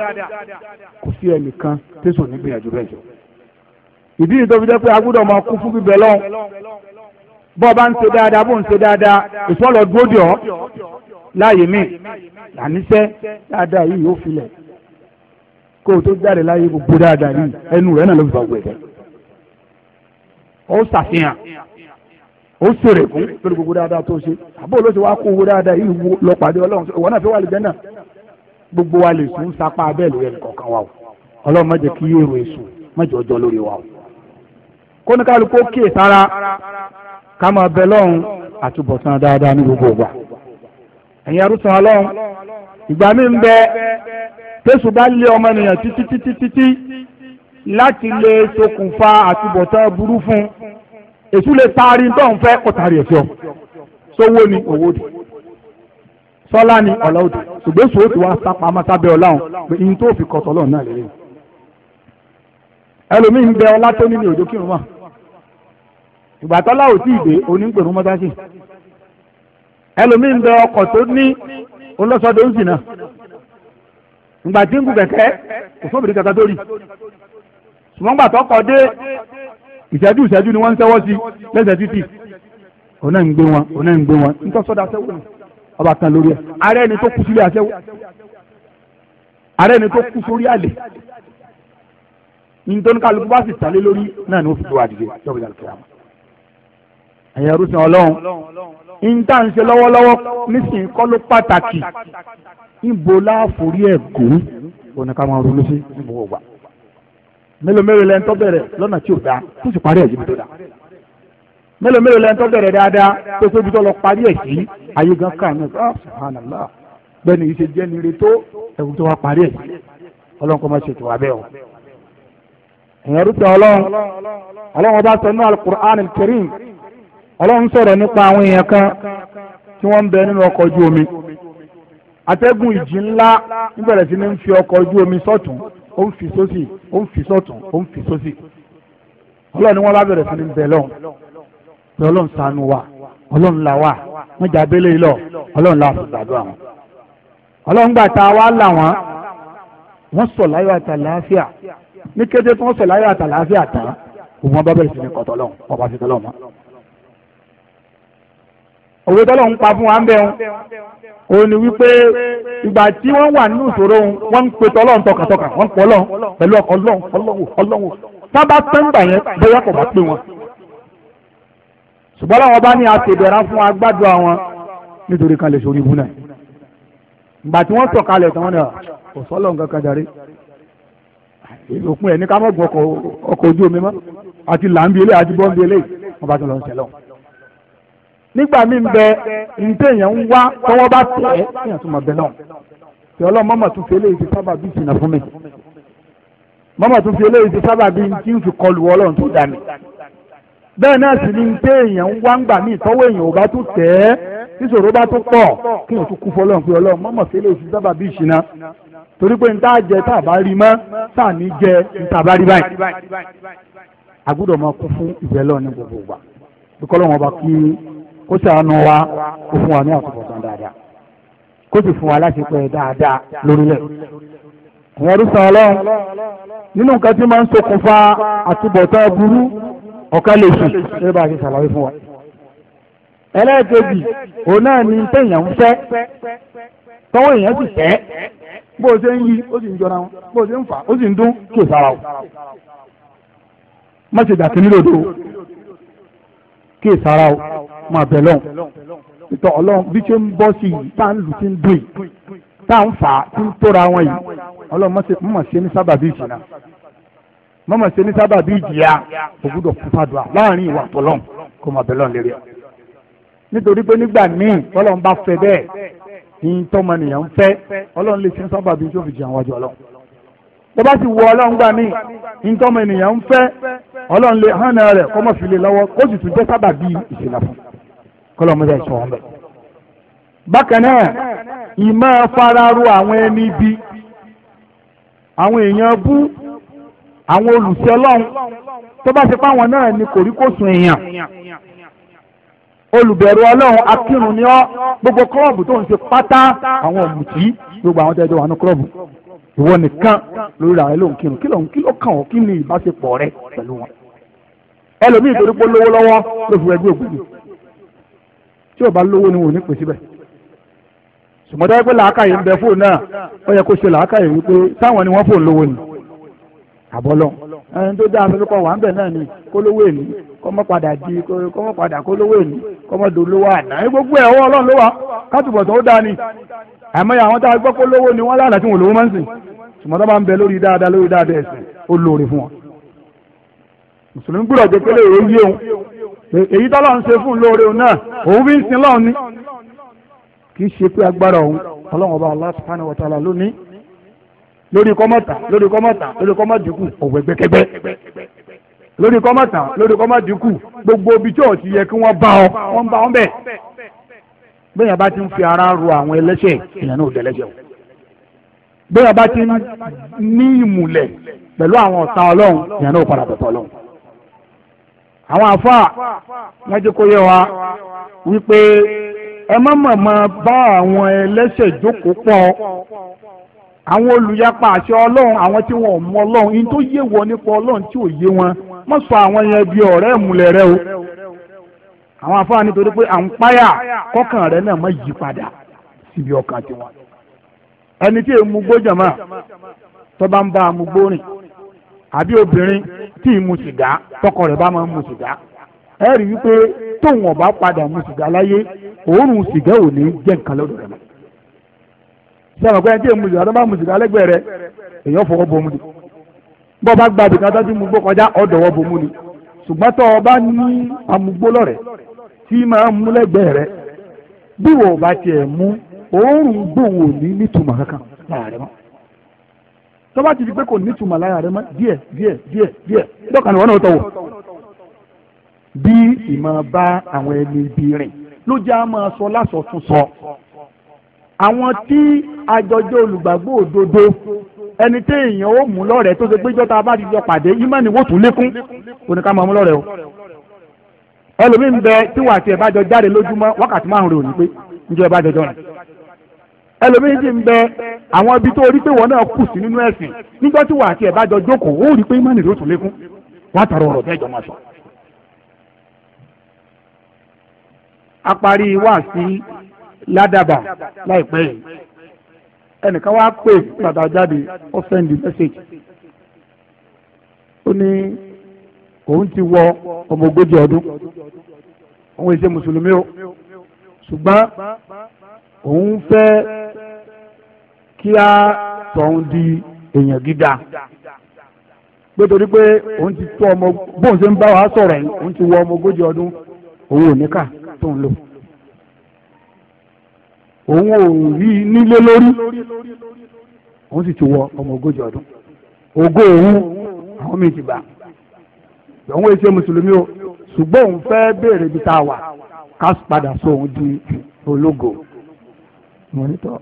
kò sí ẹnìkan tẹ̀sán nígbìyànjú bẹ́ẹ̀ ìdí nìtọ́ fi jẹ́ pé agbọ́dọ̀ máa kú fún bíbẹ̀ lọ́n bọ́ ọ bá ń ṣe dáadáa bó ń ṣe dáadáa ìfọ́lọ́ dúró dì ọ́ láàyè míì àníṣẹ́ dáadáa yìí yóò filẹ̀ kó o tó jáde láyé gbogbo dáadáa yìí ẹnu rẹ̀ náà ló fi gbàgbé dẹ́ ó ṣàfihàn ó ṣèrè fún lórí gbogbo dáadáa tó ṣe àbó ló ṣe wá kó owó dáadáa yìí lọ pàdé ọlọ́run ìwọ náà fi wà lẹ́jẹ̀ náà gbogbo wa lè sùn sápá abẹ́ẹ̀lì rẹ̀ nìkan kan ọlọ́run má jẹ́ kí èrò èṣù má jẹ́ ọjọ́ lórí wa o kóníkàlùkù kíyè sára ká máa bẹ lọ́hùn àtúbọ̀tán dáadáa ní gbogbo ìgbà ẹ̀yin arúsàn ọlọ́run ìgbà mi ń bẹ tẹ̀sù bá lé ọmọ ènìyàn títí títí títí láti lè ṣokùnfà àtúbọ̀tán burú fún èṣù lè taari tó ń fẹ́ kó taari ẹ̀fẹ́ ọ sówó ni owó di sọ́lá ni ọ̀la òdì ṣùgbọ́n èṣù ó ti wá sápamọ́ sábẹ́ pé ihun tó fi kọ́ sọ́lọ́ọ̀ náà lélẹ́yìn ẹlòmíín bẹ ọlá tó nílé òjò kírun mọ́ ìgbà tọ́lá ò tí ì dé onígbèrú mọ́sáàsì ẹlòmíín bẹ ọkọ̀ tó ní olóṣọdọ̀ ń sìn náà ìgbà tí ń gun kẹ̀kẹ́ kò sóbìrì kankan tó rí ṣùgbọ́n gbà tọkọ̀ dé ìṣẹ́jú ìṣẹ́jú ni wọ́n ń sẹ́wọ́ sí lẹ́sẹ̀ títì ọ̀nà ń gbé wọn ọ̀nà ń gbé wọn ń tọ́sọ́dọ̀ aṣẹ́wó ni ọba kan lórí ẹ̀ ààrẹ ẹni tó kú sílé aṣẹ́wó ààrẹ ẹni tó kú sórí àlè ní tó bá sì sálé lórí náà ni ó fi do àdìgẹ jọ́bìdàlùkẹ́ àmọ́ ẹ̀yẹ rúṣin ọlọ́run ìta ń ṣe lọ́wọ́lọ́wọ́ nísìnyí kọ́ ló pàtàkì níbo láàfórí ẹ̀ kó òun ni ká máa ronú sí níbo wà mélòó mélòó lẹ́yìn tó bẹ̀rẹ̀ lọ́nà tí ò dáa tó sì parí ẹ̀jẹ̀ tó dáa mélòó mélòó lẹ́yìn tó bẹ̀rẹ̀ dáadáa tó tóbi tó lọ parí ẹ̀ sí ayé gan ká ní ọ́ subhanallah bẹ́ẹ̀ ni ìṣe jẹ́ nire tó ẹ̀wù tó wá parí ẹ̀ ọlọ́run kọ́ ọlọ́run sọ̀rọ̀ nípa àwọn èèyàn kan tí wọ́n ń bẹ nínú ọkọ̀ ojú omi atẹ́gùn ìjì ńlá níbẹ̀rẹ̀ sí ní ń fi ọkọ̀ ojú omi sọ̀tún ó ń fi sósì ó ń fi sọ̀tún ó ń fi sósì ọlọ́run ni wọ́n bá bẹ̀rẹ̀ sí ní bẹ̀ lọ́hùn pé ọlọ́run ṣàánú wa ọlọ́run là wá wọ́n jà abẹ́lé lọ ọlọ́run là fún gbàdúrà wọn ọlọ́run gbà tá a wá là wọ́n wọ́n sọ̀ láyọ̀ àtàlàáfíà ní kété tí wọ́n sọ̀ láyọ̀ àtàlàáfíà tán òun wọn bá bẹ̀rẹ̀ sí ní kọ́tọ́ lọ́hùn ọba òwe tọ́lọ̀ ń pa fún wa ń bẹ̀ wọn òun ni wípé ìgbà tí wọ́n wà nínú ìṣòro wọn ń pe tọ́lọ̀ tọkàntọkàn wọ́n ń pọ̀ lọ́n pẹ̀lú ọkọ̀ lọ́n ọlọ́wọ̀ ọlọ́wọ̀ tábà tẹ́ǹgbà yẹn bóyá kò bá pé wọn. ṣùgbọ́n làwọn bá ní àtẹ̀bẹ̀rà fún agbádùn àwọn nítorí kan lè sori ibú náà. ìgbà tí wọ́n sọ̀kalẹ̀ tán ni kò sọ́lọ̀ nǹkan kan jàre. òpin ẹ̀ ní ká mọ̀ gbọ́ ọkọ̀ ojú omi mọ́ àti làǹbí eléyìí àti bọ́ǹbí eléyìí wọ́n bá tún lọ sẹ́lọ̀ nígbà mí ń bẹ ǹdé èèyàn ń wá tọwọ́ bá tẹ̀ ẹ́ èèyàn tún mọ̀ náà tí ọlọ́run mọ́mọ́ tún fi eléyìí ti sábà bí ìsìnà fún mi mọ́mọ́ tún fi eléyìí ti sábà bí tí ń fi kọlu ọlọ́run tó dà mí bẹ́ẹ̀ náà sì ni ǹdé èèyàn ń wá ńgbà míì tọwọ́ èèyàn ò bá tún tẹ̀ ẹ́ níṣòro bá tún pọ̀ kí èèyàn tún kú fọlọ́run pé ọlọ́run mọ́mọ́ fi eléyìí ti sábà bí ìsìnà torí pé nta jẹ tá a bá rí mọ́ tá a ní jẹ nta bá rí báyìí agbọ́dọ̀ máa kún fún ìbẹ́lọ́ ní gbogbo ìgbà bí kọ́lọ́ kó sànù wa kó fún wa ní àtúbọ̀tán dáadáa kó sì fún wa láti pẹ́ dáadáa lórílẹ̀. ìyẹn ló sàn ọlọ́run nínú nǹkan tí máa ń ṣokùnfà àtúbọ̀tán burú ọ̀kan lè sùn ṣé bá a ṣe ṣàlàyé fún wa. ẹlẹ́ẹ̀kejì òun náà ni téèyàn ń fẹ́ tọ́wọ́ èèyàn sì tẹ́ bó o ṣe ń yí ó sì ń jọra wọn bó o ṣe ń fà ó sì ń dún kí o sára o má ṣe dàkí nílòdò kí o sára o. Ma bẹ̀ lọ́hùn ìtọ̀ ọlọ́run bí tí ó ń bọ́ sí yìí tá à ń lù tí ń dùn yìí tá à ń fà á tí ń tóra wọn yìí ọlọ́run mọ̀ ṣe ní sábàbí ìjìnà mọ̀mọ̀ ṣe ní sábàbí ìjìyà ògbúdọ̀ kú fàdùà láàrin ìwà tọ́lọ́n kó máa bẹ̀ lọ́hùn lérí ọ. nítorí pé nígbà míì ọlọ́run bá fẹ́ bẹ́ẹ̀ ní tọ́mọnìyàn ń fẹ́ ọlọ́run lè ṣe ní sábàbí tó fi jẹ àwọn ọjọ́ ọlọ́run bó bá sì wọ ọlọ́run gbà mí nǹkan ọmọ ènìyàn ń fẹ́ ọlọ́run lè hàn náà rẹ̀ kọ́mọ̀ fi lè lọ́wọ́ kó sì tún jẹ́ sábà ìṣẹ̀lẹ̀ fún kọ́lọ́ mọ́tà ìṣọ̀ wọn bẹ̀. bákan náà ìmọ̀ fararu àwọn ẹni bí àwọn èèyàn bú àwọn olùsẹ́ ọlọ́run tó bá ṣe páwọn náà ni kòríkòsùn èèyàn olùbẹ̀rù ọlọ́run akírun ni ọ́ gbogbo kọ́ọ̀bù tó ń ṣe pátá àwọn ọ̀mùtí gbogbo àwọn tẹ́jọ́ wà ní kọ́ọ̀bù ìwọ nìkan lórí àwọn ẹlòmùn kírun kí lòun kí ló kàn ọ́ kí ni ìbáṣepọ̀ rẹ pẹ̀lú wọn ẹlòmíì torí pé lówó lọ́wọ́ ló ẹgbẹ́ ògbóni tí o bá lówó ni wọn ò ní pè síbẹ̀ sùmọ́dá pé làákàyè ń bẹ fóònù náà ó yẹ kó ṣe làákàyè wípé táwọn ni wọ́n fóònù lówó ni àbọ̀lọ́ ẹni tó dáa fẹ́fẹ́ kọ́ wà ń bẹ̀ náà ni kó lówó èmi kó mọ́ padà di kó mọ́ padà kó lówó èmi kó mọ́ dolówó àná ẹ gbogbo ẹ̀ ọwọ́ ọlọ́run ló wà kátùbọ̀tán ó dáa ni àmọ́ àwọn tá a gbọ́ kó lówó ni wọ́n lára tí wọ́n lówó máa ń sìn sùmọ́dá bá ń bẹ lórí dáadáa lórí dáadáa ẹ̀sìn ó lóore fún wọn mùsùlùmí gbúdọ̀ jẹ́ pé lè yé òun èyí tọ́lọ́ ń ṣe fún lóore òun náà òun fi ń sin lọ́wọ́ ni kì í ṣe pé agbára òun ọlọ́run ọba Allah subhanahu wa ta'ala lónìí lórí kọ́mọ́tà lórí kọ́mọ́tà lórí kọ́mọ́dínkù ọ̀wẹ́ gbẹ́kẹ́gbẹ́ lórí kọ́mọ́tà lórí kọ́mọ́dínkù gbogbo ibi tí ò ti yẹ kí wọ́n bá ọ wọ́n bá ọ bẹ́ẹ̀ bẹ́ẹ̀ yẹn bá ti ń fi ara ro àwọn ẹlẹ́ṣẹ̀ ìyẹn náà ò dẹ́lẹ́ṣẹ̀ o bẹ́ẹ̀ yẹn bá ti ní ìmùlẹ̀ pẹ̀lú àwọn ọ̀tá ọlọ́run ìyẹn náà ò padà bọ̀tọ̀ ọlọ́run àwọn àfa a, jẹ́ wa wípé ẹ mọ̀ mọ́ bá àwọn ẹlẹ́ṣẹ̀ jókòó pọ̀ àwọn olùyapa àṣẹ ọlọ́run àwọn tí wọn ò mọ ọlọ́run in tó yé wọn nípa ọlọ́run tí ò yé wọn mọ̀ àwọn yẹn o àwọn pé à ń páyà rẹ náà yí padà síbi ọkàn tiwọn ẹni tí èmu gbójàmá ń àbí obìnrin tí ì mu sìgá tọkọ rẹ̀ bá máa ń mu sìgá ẹ rí i pé tóun ọba padà mu sìgá láyé òórùn sìgá ò ní jẹ́ nǹkan lọ́dọ̀ rẹ̀ mọ́ sẹ́wọ̀n pé ẹni tí ì mu sìgá tó bá mu sìgá lẹ́gbẹ̀ẹ́ rẹ̀ èèyàn fọwọ́ bomu ni bọ́ bá gba àbíkan tọ́jú mu gbó kọjá ọ̀dọ̀wọ́ bomu ni ṣùgbọ́n tó o bá ní amugbó lọ́rẹ̀ tí máa ń mú lẹ́gbẹ̀ẹ́ rẹ̀ bí wọ́n bá tiẹ̀ mú òórùn gbòòwò ní nítumọ̀ kankan láàrin wọn tó bá ti di pé kò nítumọ̀ lára rẹ mọ́ díẹ̀ díẹ̀ díẹ̀ díẹ̀ dọ́kà ni wọ́n náà tọ̀wọ̀. bí ìmọ̀ bá àwọn ẹni ibi rìn ló jẹ́ a máa sọ lásọ tún sọ. àwọn tí àjọjọ olùgbàgbọ́ òdodo ẹni tí èèyàn ó mú lọ́rẹ̀ẹ́ tó ṣe pé jọ́ta bá ti jọ pàdé ìmọ̀ ni wọ́n tún lékún kò ní ká máa mú lọ́rẹ̀ẹ́ o. ẹlòmíín bẹ tí wàá tiẹ̀ bá jọ jáde lójúmọ́ wákàtí márùn-ún rẹ̀ ẹlòmíín ti ń bẹ àwọn ibi tó rí pé wọn náà kù sí nínú ẹ̀sìn nígbà tí wà á tiẹ̀ bá jọ jókòó ó rí pé ìmánì ló tún lékún wàá tọrọ ọ̀rọ̀ bẹ́ẹ̀ jọ máa sọ. a parí ládàbà láìpẹ́ yìí ẹnìkan wá pè padà jáde ó sẹ́ndì mẹ́sẹ̀gì ó ní òun ti wọ ọmọ ogójì ọdún òun èsè mùsùlùmí o ṣùgbọ́n òun fẹ́ kí a tọ̀hún di èèyàn gíga pé pé òun ti ọmọ bóun ṣe ń bá wa sọ̀rọ̀ ti wọ ọmọ ogójì ọdún òun ò níkà tó ń lò òun ò rí nílé lórí òun ti wọ ọmọ ogójì ọdún ògo òun àwọn míì ti gbà òun èsì o ṣùgbọ́n òun fẹ́ béèrè ibi tá a wà ká di ológo. mo ní tọ́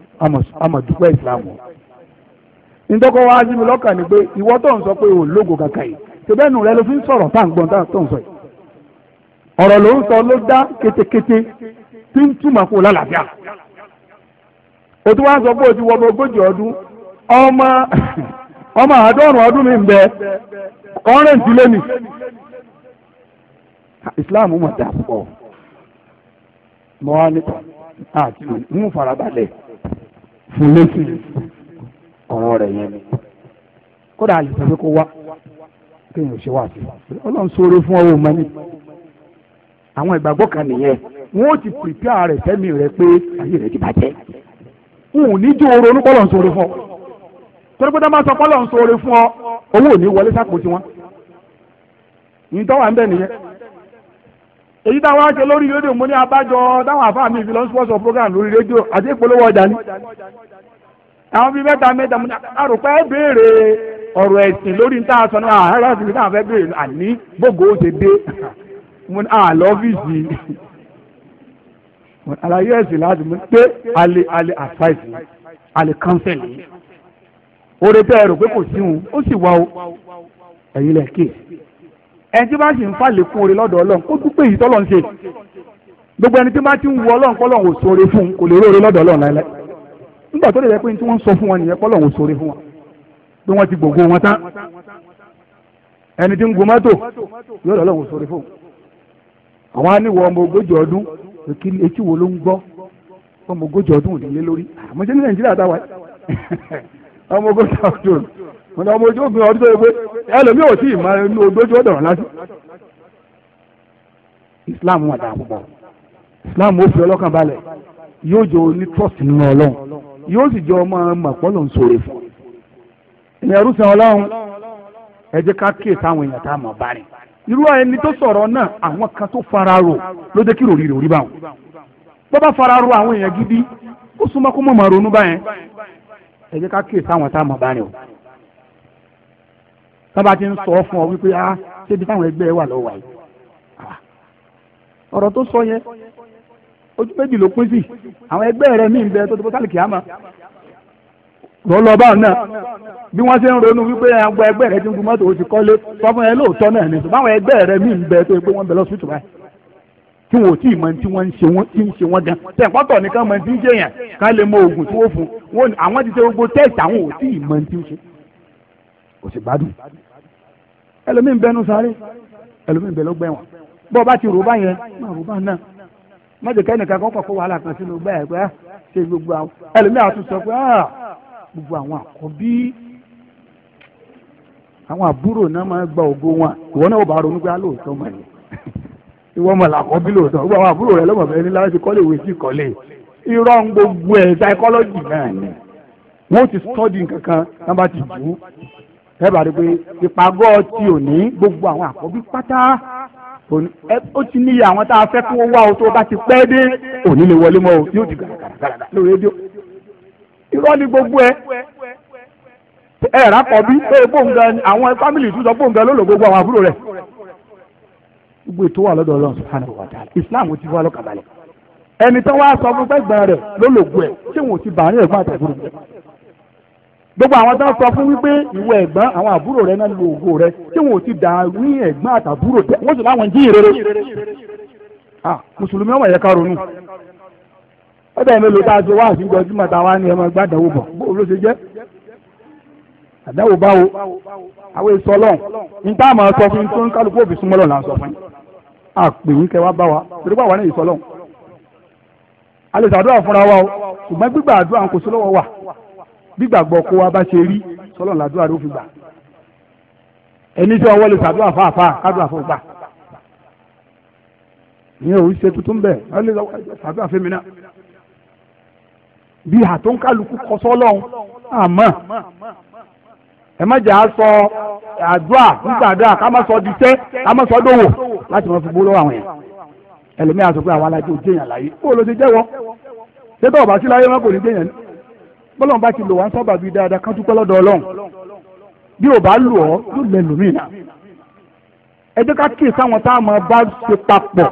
amọ̀dúpẹ́ islam o ntọ́kọ̀ lọ́kàn ni pé ìwọ tó ń sọ pé o lógo kàkà yìí tẹ́bẹ́ nù rẹ ló fi ń sọ̀rọ̀ tá à ń gbọ́n tó ń sọ yìí ọ̀rọ̀ ló ń sọ ló dá ketekete tí ń túmọ̀ kó lálàáfíà o ti wá sọ pé o ti wọ ọmọ ogójì ọdún ọmọ ọmọ àádọ́rùn ọdún mi ń bẹ ọ̀rẹ́ǹtì lẹ́nì islam mọ̀ dà pọ̀ mọ́ wá nípa àti ń farabalẹ̀ fún lẹ́sìn ọ̀rọ̀ rẹ̀ yẹn kódà àlè kó wá kéèyàn ṣe wá sí ọlọ́run sóore fún ọwọ́ àwọn ìgbàgbọ́ kan nìyẹn wọ́n ti pé ayé ti bàjẹ́ n sọ fún ọ owó ò ní wọlé sápò tiwọn èyí táwọn á lórí rédíò mo ní abájọ táwọn àfáà mi fi lọ sponsor program lórí rédíò àti ìpolówó ọjà ni àwọn bíi mẹ́ta mẹ́ta mo ní àròpẹ́ béèrè ọ̀rọ̀ ẹ̀sìn lórí ní ah, táwọn sọnù àárẹ̀ láti fẹ́ béèrè àní gbogbo ó ṣe dé mo ní ah, àlọ́ ọ́fíìsì ẹ̀sìn láti mú pé alẹ́ alẹ́ alẹ́ oore tẹ́ pé kò ó sì wá o ẹ̀yin ẹni tí bá sì ń fàlékún oore lọ́dọ̀ ọlọ́run kó dúpẹ́ tọ́lọ́run ṣe gbogbo ẹni tí ti ń wo ọlọ́run kọ́lọ́run ò ṣoore fún un kò lè róore lọ́dọ̀ ọlọ́run láìláì nígbà tó lè yẹ pé tí wọ́n sọ fún wọn nìyẹn ti gbògo wọn tán ẹni tí ń gun mọ́tò yóò lọ́lọ́run ò ṣoore fún àwọn aníwọ̀ wo ló ń gbọ́ ọmọ ogójì ọdún wọn ni ọmọ ojú obìnrin ọdún tó yẹ pé ẹlòmíì ò tí ì máa inú islam wà dáa púpọ̀ islam ó fi ọlọ́kàn balẹ̀ yóò jọ ní trust nínú ọlọ́run yóò sì jọ ọmọ mọ̀pọ́lọ̀ ń sọ̀rọ̀ fún un. ọlọ́run ẹ jẹ́ ká kíyè táwọn èèyàn tá a mọ̀ bá rìn. irú ẹni tó sọ̀rọ̀ náà àwọn kan tó fara rò ló jẹ́ kí gidi ó súnmọ́ kó mọ̀ mọ̀ ronú báyẹn ẹ jẹ́ ká kíyè táwọn o. sábà ti ń sọ fún ọ wípé a ah, ṣébi táwọn ẹgbẹ́ wà lọ́wọ́ yìí ah. ọ̀rọ̀ tó sọ yẹn ojú méjì ló pín sí àwọn ẹgbẹ́ rẹ míì ń bẹ tó ti bọ́ sálì kìámà lọ́lọ́bà náà bí wọ́n ṣe ń ronú wípé àwọn ẹgbẹ́ rẹ ti ń gun mọ́tò ó ti kọ́lé sọ fún ẹ lóòótọ́ náà ni ṣùgbọ́n àwọn ẹgbẹ́ rẹ míì ń bẹ tó pé wọ́n ń bẹ lọ́sùn ìtura tí wọn ò tí ì mọ tí wọ́n ń ṣe wọ́n tí ń ṣe wọ́n gan tẹ̀pọ́tọ̀ nìkan mọ tí ń ṣe yẹn ká lè mọ oògùn tí wọ́n fún wọn àwọn ti ṣe gbogbo tẹ́ẹ̀tì àwọn ò tí ì mọ tí ń ṣe kò sì gbádùn ẹlòmíín bẹnu sáré ẹlòmíín bẹ ló gbẹ̀wọ̀n bọ́ọ̀ bá ti rò bá yẹn má rò bá náà má jẹ́ kẹ́nìkan kan kọ̀ kó wàhálà kan sínú gbẹ́ ẹ̀ pé á ah, ṣe gbogbo àwọn ẹlòmíín àtún sọ pé á ah, gbogbo àwọn àkọ́bí àwọn àbúrò náà máa gba ògo wọn ìwọ náà ó bá ronú pé á ah, lóòótọ́ mọ̀ ẹ̀ ìwọ mọ̀ làkọ́bí lóòótọ́ gbogbo àwọn àbúrò rẹ̀ lọ́mọ̀ bẹ́ẹ̀ láti kọ́lé ìwé sí kọ́lé irọ́ gbogbo ẹ̀ psychology náà ni wọ́n ti study nǹkan náà bá ti jù ú ẹ bá rí i pé ìpàgọ́ ti òní gbogbo àwọn àkọ́bí pátá ó ti níyà àwọn tá a fẹ́ kó wá o tó bá ti pẹ́ dé òní lè wọlé mọ́ o yóò di gàràgàrà lórí rédíò irọ́ ni gbogbo ẹ ẹ rà pọ̀ bí pé gbòǹgà àwọn fámìlì tún sọ gbòǹgà ló lò gbogbo àwọn àbúrò rẹ̀ gbogbo ètò wà lọ́dọ̀ ọlọ́run subhanahu wa ta'ala islam ti wá lọ́kàbalẹ̀ ẹni tó wá sọ fún fẹ́gbọ̀n rẹ̀ ló lò gbọ́ ẹ̀ tí wọn ò ti bàárín ẹ̀gbọ́n àtàbúrò rẹ̀ gbogbo àwọn tó ń sọ fún wípé ìwọ ẹ̀gbọ́n àwọn àbúrò rẹ náà lo ògo rẹ tí wọn ò ti dàwí àtàbúrò tẹ sì láwọn jí ìrere a ti wá àfihàn wá ní ẹmọ ẹgbẹ́ àdáwò bọ̀ bó ló ṣe jẹ́ àdáwò báwo àwọn èso ọlọ́run ní tá a máa sọ fún tó ń kálukú òbí ń sọ fún àpè yín wa torí ní ìsọlọ́run gbígbàgbọ́ kó wa bá ṣe rí sọlọ́n làdúrà ló fi gbà ẹni tí ọwọ́ lè sàdúrà fáfá kádùrà fún gbà ìyẹn ò ṣe tuntun bẹ́ẹ̀ wọ́n lè sàdúrà fún mi náà bí àtúnkálukú kọ sọ́lọ́hún àmọ́ ẹ má jà á sọ àdúrà nígbàdúrà ká má sọ diṣẹ́ ká má sọ dòwò láti má fi gbó lọ́wọ́ àwọn yẹn ẹlòmíà sọ pé àwọn alájọ ò jẹyàn láyé kó o lọ sí jẹ́wọ́ ṣé tó o sí láyé wọn kò ní jẹyàn bọ́lọ̀ bá ti lò wá sábà bíi dáadáa kán dúpẹ́ lọ́dọ̀ ọlọ́run bí ò bá lù ọ́ yóò lẹ lòmìnira ẹ jẹ́ ká kíyèsí àwọn tá a máa bá ṣe papọ̀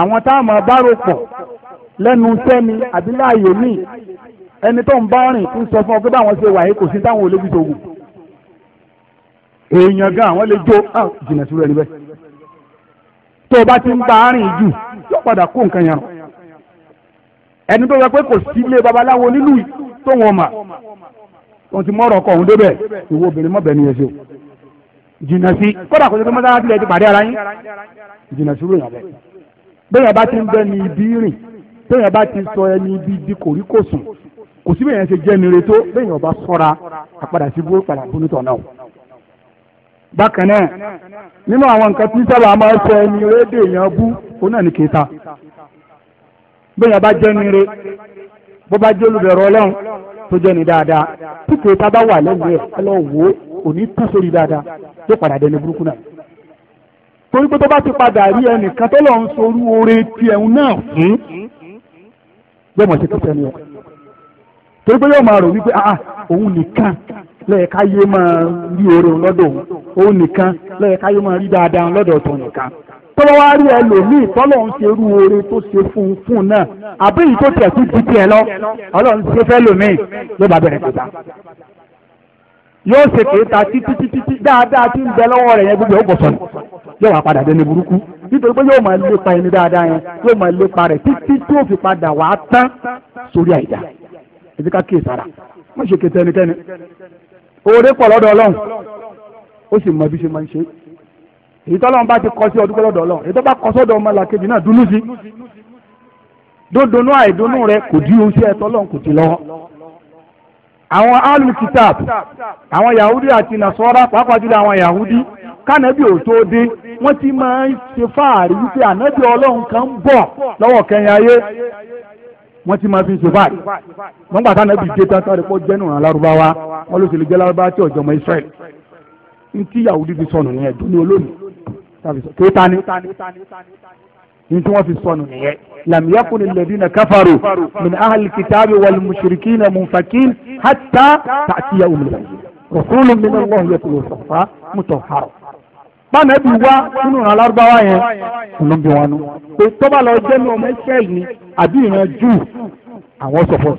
àwọn tá a máa bá rò pọ̀ lẹ́nu sẹ́ni àbí láàyè míì ẹni tó ń bá rìn tún sọ fún ọ pé báwọn ṣe wà yìí kò sí táwọn olóbi tó wù èèyàn gan àwọn lè jó ah, jìnnà sí rẹ níbẹ̀ tó o bá ti ń bá rìn jù yóò padà kó nǹkan yẹn ẹni tó yẹ pé kò sí ilé babaláwo nílùú yìí tó wọn ma, wọn ti mọrọ ọkọ òun débẹ̀ ìwọ obìnrin mọ̀bẹ̀ ni ẹ̀ṣẹ̀ o jìnnà sí kódà kò sí pé mọ́tàlá tilẹ̀ ti pàdé ara yín jìnnà sí ròyìn ti ń bẹ́ ni ti sọ ibi di kòríkòsùn kò sí nire tó ọba àpadà sí bó padà bó náà nínú àwọn nǹkan tí sábà máa ń sọ ẹni bú òun náà nire bó bá tó jẹ́ ni dáadáa tí kò tá bá wà lẹ́nu ẹ̀ ẹ lọ wò ó òní tú sórí dáadáa tó padà dẹni burúkú náà. torí pé tó bá ti padà rí ẹnìkan tó lọ ń sorú oore tiẹ̀ náà fún yóò mọ̀ sí kìtẹ́ni ẹ̀ torí pé yóò máa rò wípé ah, ah òun nìkan lẹ́ẹ̀ká yé máa rí oore lọ́dọ̀ òun òun nìkan lẹ́ẹ̀ká yé máa rí dáadáa lọ́dọ̀ ọ̀tọ̀ nìkan tọ́lọ́ wá rí ẹlòmíì tọ́lọ́ ń ṣe irú oore tó ṣe fún un fún un náà àbí èyí tó tẹ̀ sí ju tiẹ̀ lọ ọlọ́run ṣe fẹ́ lòmíì ló bá bẹ̀rẹ̀ kàtà yóò ṣe kéta títí títí tí dáadáa ti ń bẹ lọ́wọ́ rẹ̀ yẹn gbogbo ó bọ̀sọ̀ yóò wá padà dẹni burúkú nítorí pé yóò máa lépa ẹni dáadáa yẹn yóò máa lépa rẹ̀ títí tí ó fi padà wá tán sórí àìdá ẹ̀dí ká kíyè sára má ṣe kéta ẹnikẹ́ni oore pọ̀ lọ́dọ̀ ọlọ́run ó sì mọ bí ṣe máa ń ṣe é èyí tó lọ́n bá ti kọ sí ọdún lọ́dọ̀ lọ èyí tó bá kọ sọ́dọ̀ ọmọ làkejì náà dúnú sí dódonú àìdónú rẹ kò dí oṣù ẹ̀tọ́ lọ́n kò ti lọ́wọ́ àwọn alu kitab àwọn yahudi àti nasọra pàápàá jùlọ àwọn yahudi kánẹ́bì ò tó dé wọ́n ti máa ń ṣe fáàrí wípé ànábì ọlọ́run kan ń bọ̀ lọ́wọ́ kẹyìn ayé wọ́n ti máa fi ṣe fáàrí wọ́n gbà kánẹ́bì dé tán rẹ̀ pọ̀ jẹ́nu àwọn wọ́n ló kí tani nítorí wọ́n fi sọnù nìyẹn lam yakun alladhina kafaru min ahli kitabi wal mushrikina munfakin hatta ta'tiyahum rasulun min allah yatlu safa mutahhar báwọn ẹbí wá nínú ìran alárúbáwá yẹn ló bí wọn nú pé tó bá lọ ní ọmọ israẹli ni àbí ìran jù àwọn sọ̀fọ̀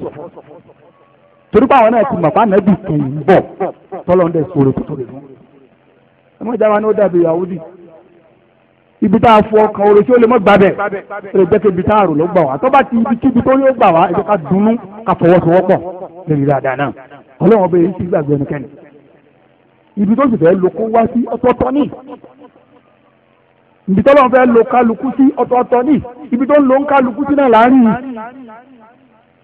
torí báwọn náà ti mọ̀ bá nẹ́bì kẹ́yìn bọ̀ tọ́lọ́ ń dẹ̀ sọ̀rọ̀ tó tó lè mú. ni ó dàbí yahudi ibi tá a fọ ọkàn oore tí ó lè mọ gbàbẹ ó jẹ pé tá a rò ló gbà wá tó bá ti ibi tí ibi tó yóò gbà wá ẹjọ ká dunnú ká fọwọ́sowọ́pọ̀ lórí dáadáa náà ọlọ́run ọbẹ̀ yìí ti gbàgbé ẹnikẹ́ni ibi tó sì fẹ́ lo kó wá sí ọ̀tọ̀ọ̀tọ̀ ní ibi tó lọ́n fẹ́ lo kálukú sí ọ̀tọ̀ọ̀tọ̀ ní ibi tó ń lo kálukú sí náà láàárín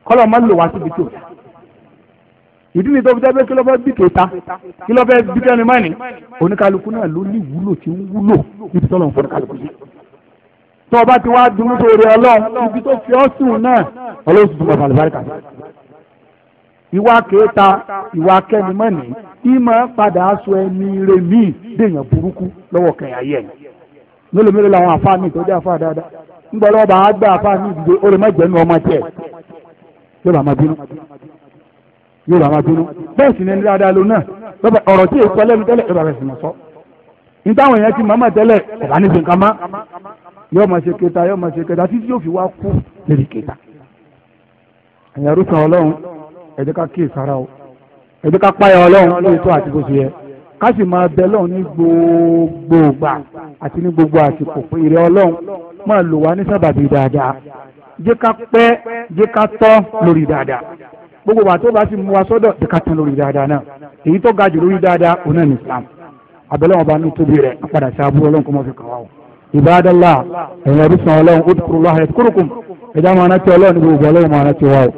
kọ́lọ́ máa ń lò wá síbi tó ìdí ni tó fi kí ló fẹ́ bí kẹta kí ló fẹ́ bí kẹrin mọ́ni náà ló ní tí ń wúlò níbi tọ́lọ̀ ń fọ́n kàlùkù yìí tó ti wá dunu tó rí ọlọ́run ibi tó fi ọ́ sùn náà ọlọ́run sì àlùbáríkà ìwà kẹta ìwà mọ́ni ìmọ̀ padà aṣọ ẹni rẹ̀ dèèyàn burúkú lọ́wọ́ kẹyà yẹn mélòó mélòó yóò rà máa bínú bẹ́ẹ̀ sì ni ẹni dáadáa ló náà lọ́ba ọ̀rọ̀ tí èso ẹlẹ́nu tẹ́lẹ̀ ẹ̀rọ rẹ̀ sì mọ̀ sọ. ní táwọn èèyàn ti mọ̀ọ́mọ̀ tẹ́lẹ̀ ọ̀bá ní fi nǹkan má yóò máa ṣe kẹta yóò máa ṣe kẹta títí yóò fi wá kú lérí kẹta. ẹ̀yàn rúkan ọlọ́run ẹ ká kíyè sára o ẹ ká páyà ọlọ́run lórí tó àti bó ṣe yẹ ká sì máa bẹ lọ́run ní gbogbo ìgbà àti ní gbogbo àsìkò ìrẹ́ ọlọ́run máa lò wá ní sábàbí dáadáa jẹ́ ká pẹ́ jẹ́ ká tọ́ lórí dáadáa gbogbo wa tó bá sì mú wa sọ́dọ̀ ìka tán lórí dáadáa náà èyí tó ga jù lórí dáadáa òun náà ní Islam abẹ́lẹ́ wọn bá ní tóbi rẹ̀ apàdà sí abúlé ọlọ́run kó mọ́ fi kàn wá o. ìbádọ́lá ẹ̀yin ẹ̀rú sàn ọlọ́run ó dùkúrú lọ́hà ẹ̀kúrúkùn ẹ̀dá máa ná ti ọlọ́run ní gbogbo ọlọ́run máa ná ti wá o.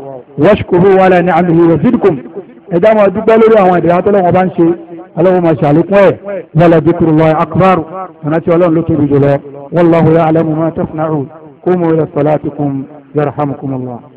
wọ́ṣùkúrú wàhálà ní àmì wọ́ṣídùkùn ẹ̀dá máa dúpẹ́ lórí àwọn ìdíyà tọ́lọ́ wọn ń ṣe ọlọ́run